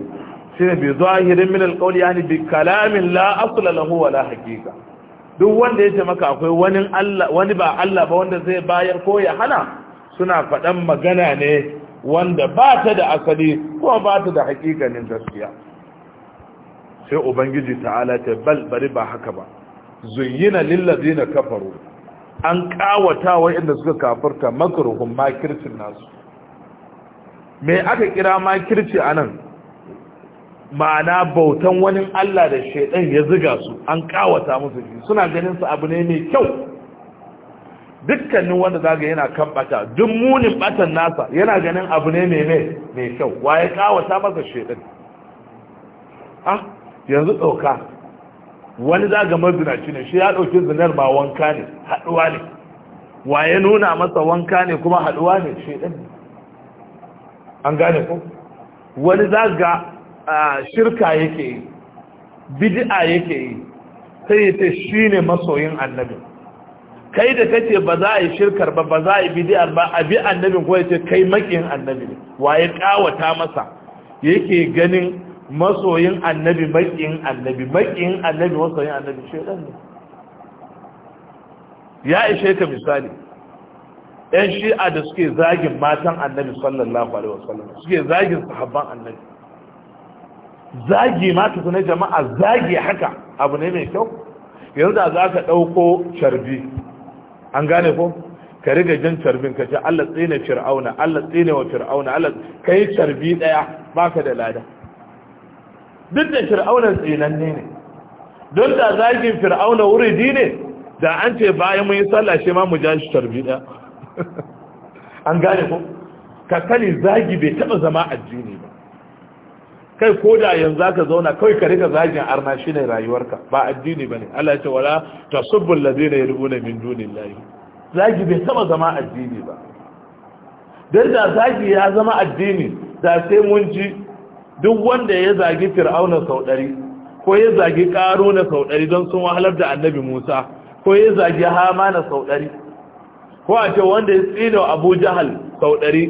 A: shine bi zahirin min ya yani bi kalamin la asla lahu wa la haqiqa duk wanda yace maka akwai wani Allah wani ba Allah ba wanda zai bayar ko ya hana suna faɗan magana ne wanda ba ta da asali ko ba ta da hakikanin gaskiya sai ubangiji ta'ala ta bal bari ba haka ba zuyyina lillazina kafaru an kawata wa'inda suka kafirta makaruhun makircin nasu me aka kira makirci a nan ma'ana bautan wani Allah da shaidan ya ziga su an kawata musu shi suna ganin su abu ne mai kyau dukkanin wanda zaga yana kan bata duk munin batan nasa yana ganin abu ne mai mai kyau waye kawata masa shaidan ah yanzu dauka wani za ga shi ne shi ya ɗauki zinar ba wanka ne haɗuwa ne wa ya nuna masa wanka ne kuma haɗuwa ne shi ɗin an gane ko wani za ga shirka yake yi bidi'a yake yi sai ya ce shi ne masoyin annabi kai da kace ba za a yi shirkar ba ba za a yi bidi'ar ba a bi annabin ko ya ce kai makin annabi ne wa ya kawata masa yake ganin masoyin annabi bakin annabi bakin annabi masoyin annabi shaidan ne ya ishe ka misali yan shi'a da suke zagin matan annabi sallallahu alaihi wasallam suke zagin sahabban annabi zagi ma na jama'a zagi haka abu ne mai kyau yanzu da za ka ɗauko carbi an gane ko ka riga jin carbin ka ce Allah tsine fir'auna Allah tsine wa fir'auna Allah kai carbi ɗaya baka da lada duk da fir'aunan tsinanne ne don da zagin fir'auna wuridi ne da an ce bayan mun yi sallah shi ma mu ja shi tarbi ɗaya an gane ko ka sani zagi bai taɓa zama addini ba kai ko da yanzu ka zauna kawai ka rika zagin arna shi ne rayuwarka ba addini ba ne Allah ya ce wala tasubbul ladina yarubuna min dunillahi zagi bai taɓa zama addini ba dan da zagi ya zama addini da sai mun ji duk wanda ya zagi fir'auna sau ɗari ko ya zagi na sau ɗari don sun wahalar da annabi musa ko ya zagi hama na sau ɗari ko a ce wanda ya tsino abu jahal sau ɗari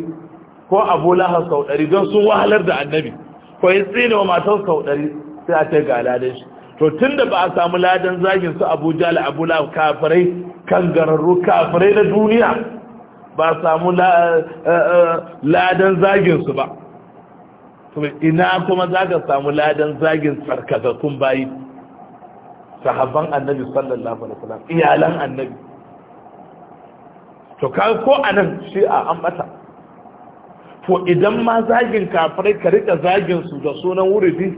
A: ko abu lahar sau ɗari don sun wahalar da annabi ko ya tsino matan sau ɗari sai a ce ga ladan shi to tun da ba a samu ladan zagin su abu jahal abu lahar kafirai gararru kafirai na duniya ba a samu eh, eh, ladan zagin su ba to ina kuma za ka samu ladan zagin tsarkakakkun bayi sahabban annabi sallallahu alaihi wasallam iyalan annabi to ka ko anan shi a an bata to idan ma zagin kafirai ka rika zagin su da sunan wuridi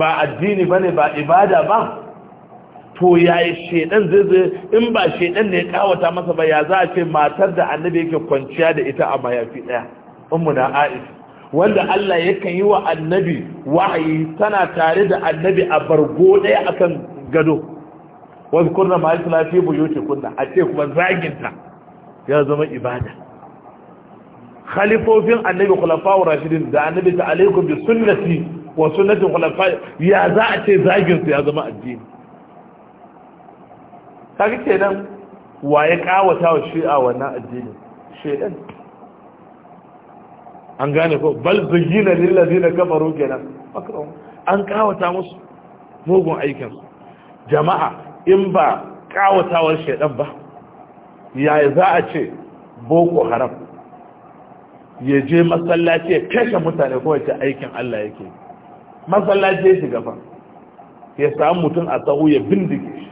A: ba addini bane ba ibada ba to yayi shedan zai zai in ba shedan ne ya kawata masa ba ya za a ce matar da annabi yake kwanciya da ita a mayafi daya ummu na aisha wanda Allah yakan yi wa annabi wahayi tana tare da annabi a bargo ɗaya akan gado wasu kurna ma yasu lafi buyuti kunna a ce kuma zaginta ya zama ibada khalifofin annabi khulafawu rashidin da annabi ta alaikum bi sunnati wa sunnatin khulafa ya za a ce zagin su ya zama addini kaga kenan wa ya kawata wa shi'a wannan addini shedan an gane ko bal zayyina lil ladina kafaru kenan an kawata musu mugun aikin jama'a in ba kawatawar shedan ba yaya za a ce boko haram ya je masallaci ya kashe mutane ko wace aikin Allah yake masallaci ya shiga fa ya samu mutum a tsawo ya bindige shi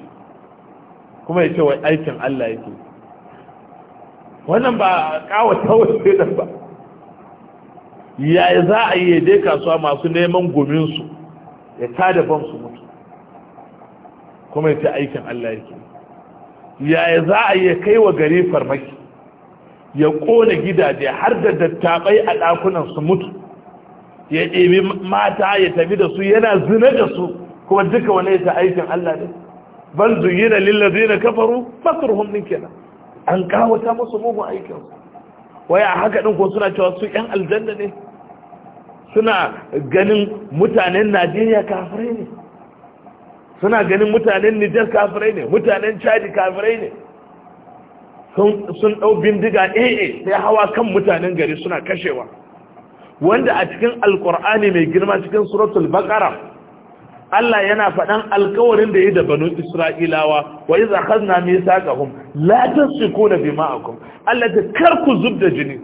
A: kuma ya ce wai aikin Allah yake wannan ba kawata wa shedan ba yaya za a yi dai kasuwa masu neman gominsu ya ta da su mutu kuma ya ta aikin Allah yake yaya za a yi kai wa gari farmaki ya kone gidaje har da dattabai a ɗakunan su mutu ya ɗebi mata ya tafi da su yana zina da su kuma duka wani ya ta aikin Allah ne bal zuyina lillazina kafaru makruhum min kenan an kawata musu mugun aikin su waya haka ɗin ko suna cewa su ƴan aljanna ne suna ganin mutanen najeriya kafirai ne suna ganin mutanen nijar kafirai ne mutanen chadi kafirai ne sun ɗau bindiga e'e eh, eh, sai hawa kan mutanen gari suna kashewa wanda a cikin alkur'ani mai girma cikin suratul baqara Allah yana faɗan alkawarin da ya da banu Isra'ilawa wa iza khazna mithaqahum la bima bima'akum Allah ta karku zubda jini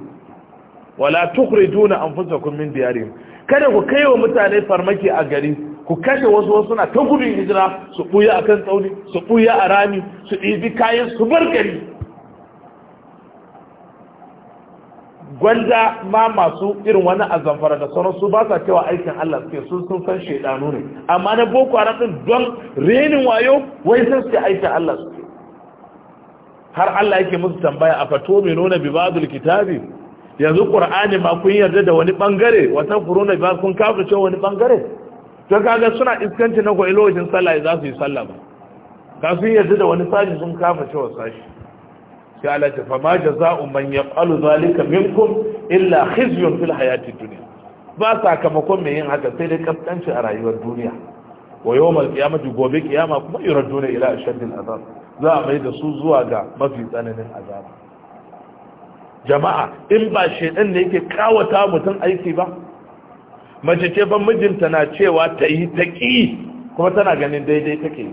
A: wala tukhrijuna anfusakum min diyarihim kada ku kai wa mutane farmaki a gari ku kashe wasu wasu na ta gudun hijira su buya akan tsauni su buya a rami su ɗibi kayan su bar gari gwanda ma masu irin wani azamfara da sauran su ba sa cewa aikin Allah suke sun sun san shaidanu ne amma na boko a din don renin wayo wai sun suke aikin Allah suke har Allah yake musu tambaya a fato mai nuna bibadul kitabi yanzu qur'ani ma kun yarda da wani bangare wata furuna ba kun kafirce wani bangare to kaga suna iskanci na koyi lokacin sallah za su yi sallah ba ka sun yarda da wani sashi sun kafirce wa sashi sai Allah ta fama jaza'u man yaqalu zalika minkum illa khizyun fil hayati duniya. ba sakamakon mai yin haka sai dai kaskanci a rayuwar duniya wa yawmal qiyamati gobe kiyama kuma yuraduna ila ashaddil azab za a mai da su zuwa ga mafi tsananin azaba jama'a in ba shedan ne yake kawata mutum aiki ba mace ce ban mijinta na cewa ta yi ta ƙi kuma tana ganin daidai take yi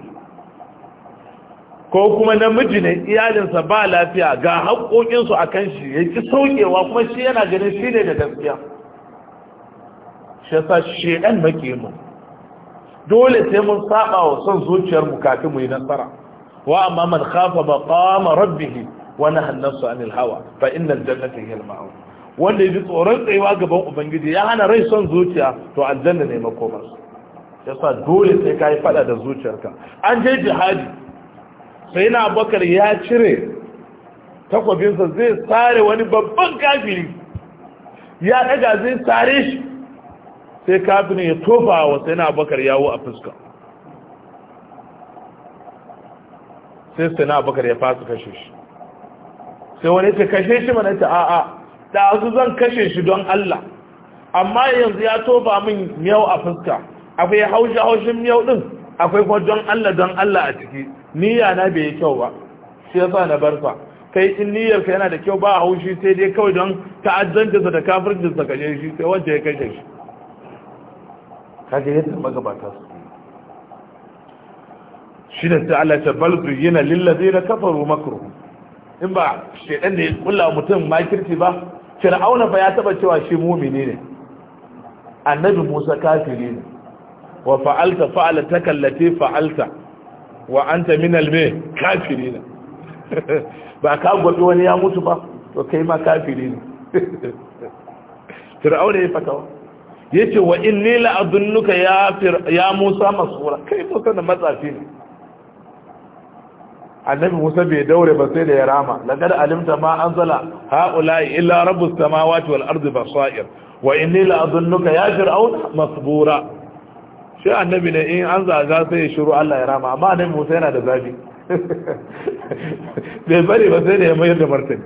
A: ko kuma namiji ne iyalinsa ba lafiya ga haƙoƙinsu a kan shi ya ki sauƙewa kuma shi yana ganin shi ne da gaskiya shi yasa shedan make mu dole sai mun saba wa son zuciyar mu kafin mu yi nasara wa amma man khafa maqama rabbih wani hannarsu anil hawa fa innal jannata hiya al wanda yi tsoron tsayuwa gaban ubangiji ya hana rai son zuciya to aljanna ne makomar yasa dole sai ka yi fada da zuciyarka an je jihadi sai na abakar ya cire takwabinsa zai sare wani babban kafiri ya daga zai sare shi sai kafirin ya tofa wa sai na bakar yawo a fuska sai sai na bakar ya fasa kashe shi sai wani ta kashe shi mana ta a'a da su zan kashe shi don Allah amma yanzu ya toba min miyau a fuska akwai haushi haushin miyau din akwai kuma don Allah don Allah a ciki niyya na bai kyau ba sai yasa na bar sa kai in niyyar ka yana da kyau ba haushi sai dai kawai don ta'azzanta da kafircin sa kashe shi sai wanda ya kashe shi kaje yadda magabata su shi da sai Allah ta bal zuyyina lil kafaru makruhum in ba shaidan da ya kulla mutum makirci ba fir'auna fa ya taba cewa shi mumini ne annabi musa kafiri ne wa fa'alta fa'alata kallati fa'alta wa anta min alme kafiri ne ba ka gwabi wani ya mutu ba to kai ma kafiri ne fir'auna ya fatawa yace wa inni la adunnuka ya ya musa masura kai to kana matsafi ne annabi musa bai daure ba sai da ya rama laqad alimta ma anzala haula illa rabbus samawati wal ardi basair wa inni la adhunnuka ya fir'aun masbura shi annabi ne in an zaga sai ya shiru Allah ya rama amma annabi musa yana da zafi bai bari ba sai da ya mayar da martani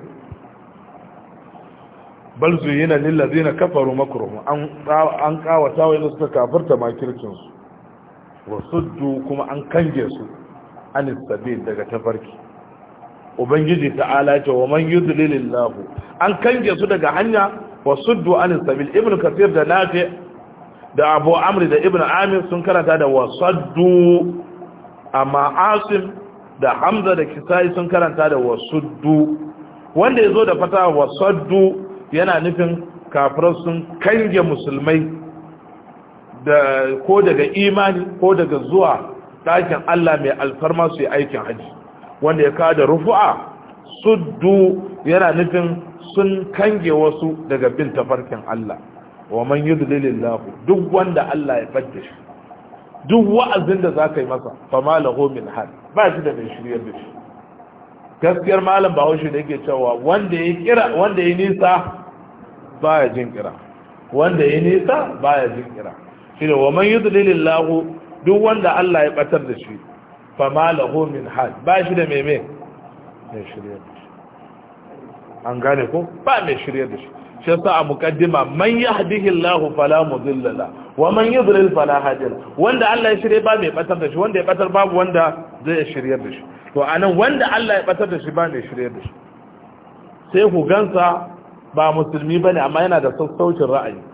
A: bal zuyina lil ladina kafaru makruhu an an kawata wa suka kafirta makircin su wasuddu kuma an kange su anistabil daga tafarki ubangiji ta'ala ce wa man yudlilillahu an kange su daga hanya wa suddu anistabil ibnu kasir da nafi da abu amri da ibnu amir sun karanta da wa saddu amma asim da hamza da kisai sun karanta da wa suddu wanda yazo da fata wa saddu yana nufin kafirar sun kange musulmai da ko daga imani ko daga zuwa Dakin Allah mai alfarma su yi aikin haji wanda ya kada rufu'a suddu yana nufin sun kange wasu daga bin tafarkin Allah wa man yudlilillahu duk wanda Allah ya fadda shi duk wa'azin da ka yi masa fa malahu min hal ba shi da mai shirye da shi gaskiyar malam hoshi da yake cewa wanda ya kira wanda ya nisa ya jin kira wanda ya nisa ya jin kira shi wa man yudlilillahu duk wanda Allah ya batar da shi fa malahu min hal ba shi da meme mai shirya da shi an gane ko ba mai shirya da shi shi sa a muqaddima man yahdihillahu fala mudilla wa man yudlil fala hadiya wanda Allah ya shirya ba mai batar da shi wanda ya batar babu wanda zai shirya da shi to anan wanda Allah ya batar da shi ba mai shirya da shi sai ku gansa ba musulmi bane amma yana da sassaucin ra'ayi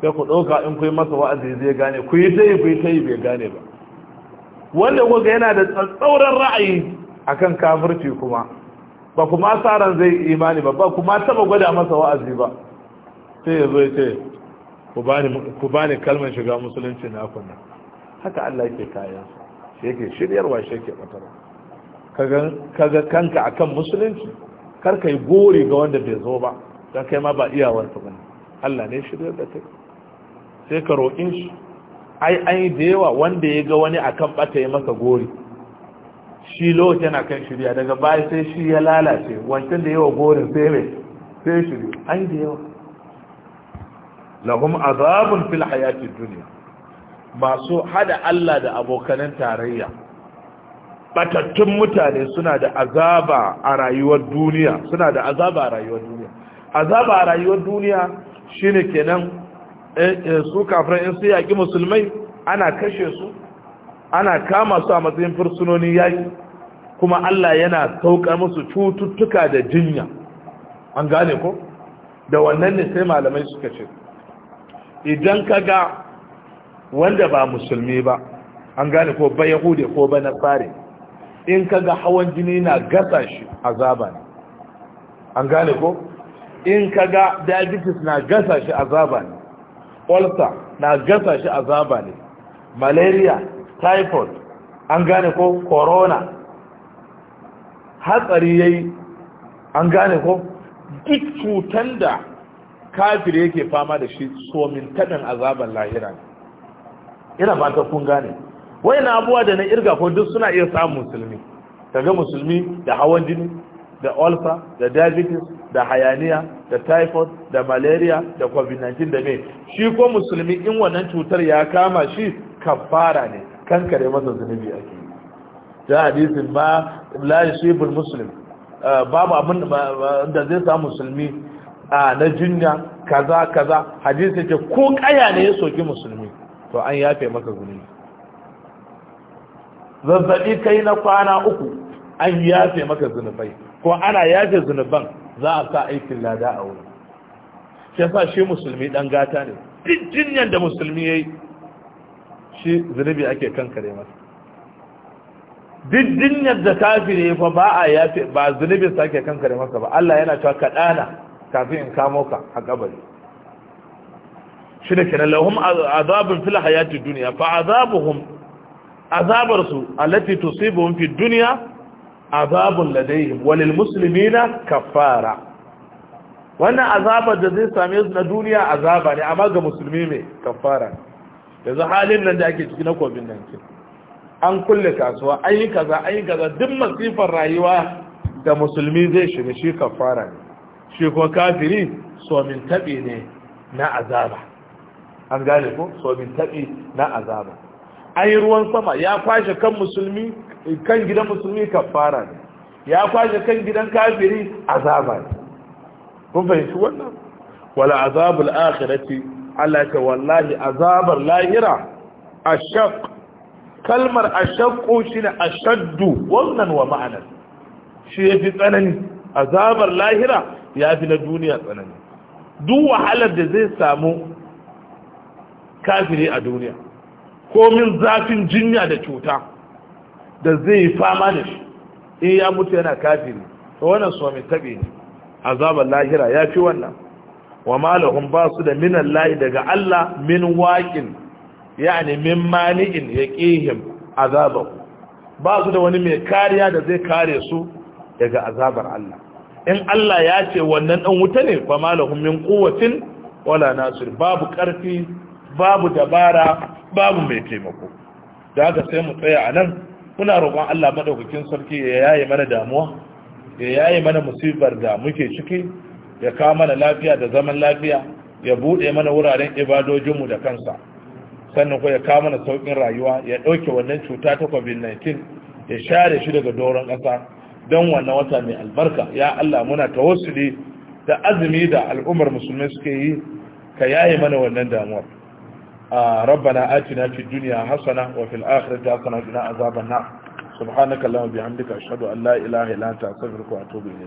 A: sai ku ɗauka in kuyi masa wa'azi zai gane ku yi ta yi ku yi ta yi bai gane ba wanda kuka yana da tsatsauran ra'ayi akan kafirci kuma ba kuma tsaron zai imani ba ba kuma taba gwada masa wa'azi ba sai ya zo ce ku bani kalmar shiga musulunci na kunna haka Allah ke kayan shi yake shiryarwa shi yake batar kaga kanka akan musulunci kar yi gori ga wanda bai zo ba don kai ma ba iyawarka bane Allah ne shirya da kai sai ka roƙin shi ai an yi da yawa wanda ya ga wani akan ɓata ya masa gori shi lokaci na kan shirya daga baya sai shi ya lalace wancan da yawa gorin sai mai sai shirya an yi da yawa lahum azabun fil hayati dunya masu hada Allah da abokanan tarayya batattun mutane suna da azaba a rayuwar duniya suna da azaba a rayuwar duniya azaba a rayuwar duniya shine kenan Eh, eh, su kafirai in su yaƙi musulmai ana kashe su ana kama su a matsayin fursunonin yaƙi kuma Allah yana sauka musu cututtuka da jinya an gane ko da wannan ne sai malamai suka ce idan ka ga wanda ba musulmi ba an gane ko ba yahude ko ba na nasare in ka ga hawan jini na gasa shi azaba ne an gane ko in ka ga diabetes na gasa shi azaba ne olta na gasa shi azaba ne malaria typhoid an gane ko corona hatsari yayi an gane ko duk cutan da kafir yake fama da shi somin taɗin azaban lahira ina ba ta kun gane wai na abuwa da na irga ko duk suna iya samun musulmi daga musulmi da hawan jini da ulcer da diabetes da hayaniya da typhoid da malaria da covid-19 da mai shi ko musulmi in wannan cutar ya kama shi kafara ne kan kare masa zunubi ake ta hadisin ma la yusibul muslim ah, babu abin da zai samu musulmi a ah, na jinya kaza kaza hadisi ce ko kaya ne ya soki musulmi to an yafe maka zunubi zazzabi kai na kwana uku an yafe maka zunubai ko ana yafe zunuban za a sa aikin lada a wuri shi yasa shi musulmi dan gata ne duk jinyan da musulmi yayi shi zunubi ake kankare masa duk jinyar da kafire fa ba a yafe ba zunubin sa ake kankare masa ba Allah yana cewa kadana kafin in kamo ka a kabari shi da kenan lahum azabun fil hayati dunya fa azabuhum azabarsu allati tusibuhum fi dunya azabun ladaihim walil muslimina kafara wannan azabar da zai same su na duniya azaba ne amma ga musulmi mai kafara yanzu halin nan da ake ciki na covid-19 an kulle kasuwa an yi kaza an yi kaza duk masifar rayuwa da musulmi zai shiga shi kafara ne shi kuma kafiri somin taɓi ne na azaba an gane ko somin taɓi na azaba an yi ruwan sama ya kwashe kan musulmi kan gidan musulmi kafara ne ya kwashe kan gidan kafiri azaba ne kun fahimci wannan wala azabul akhirati Allah ta wallahi azabar lahira ashaq kalmar ashaqu shine ashaddu wannan wa ma'anar shi yafi tsanani azabar lahira yafi na duniya tsanani duk wahalar da zai samu kafiri a duniya ko min zafin jinya da cuta da zai fama da shi in ya mutu yana kafiri to wannan so mai tabe ne azabar lahira ya fi wannan wa malahun ba su da minan layi daga Allah min waƙin yani min mani'in ya ƙihim azabar ba su da wani mai kariya da zai kare su daga azabar Allah in Allah ya ce wannan ɗan wuta ne fa malahun min quwwatin wala nasir babu ƙarfi babu dabara babu mai taimako da haka sai mu tsaya a nan Kuna roƙon Allah maɗaukakin sarki ya yaye mana damuwa ya yaye mana musibar da muke ciki ya kawo mana lafiya da zaman lafiya ya buɗe mana wuraren ibadojinmu da kansa sannan ko ya kawo mana sauƙin rayuwa ya ɗauke wannan cuta ta covid-19 ya share shi daga doron ƙasa don wannan wata mai albarka ya Allah muna tawassuli da azumi da al'ummar musulmi suke yi ka yaye mana wannan damuwar ربنا آتنا في الدنيا حسنة وفي الآخرة حسنة وقنا عذاب النار سبحانك اللهم وبحمدك أشهد أن لا إله إلا أنت أستغفرك وأتوب إليك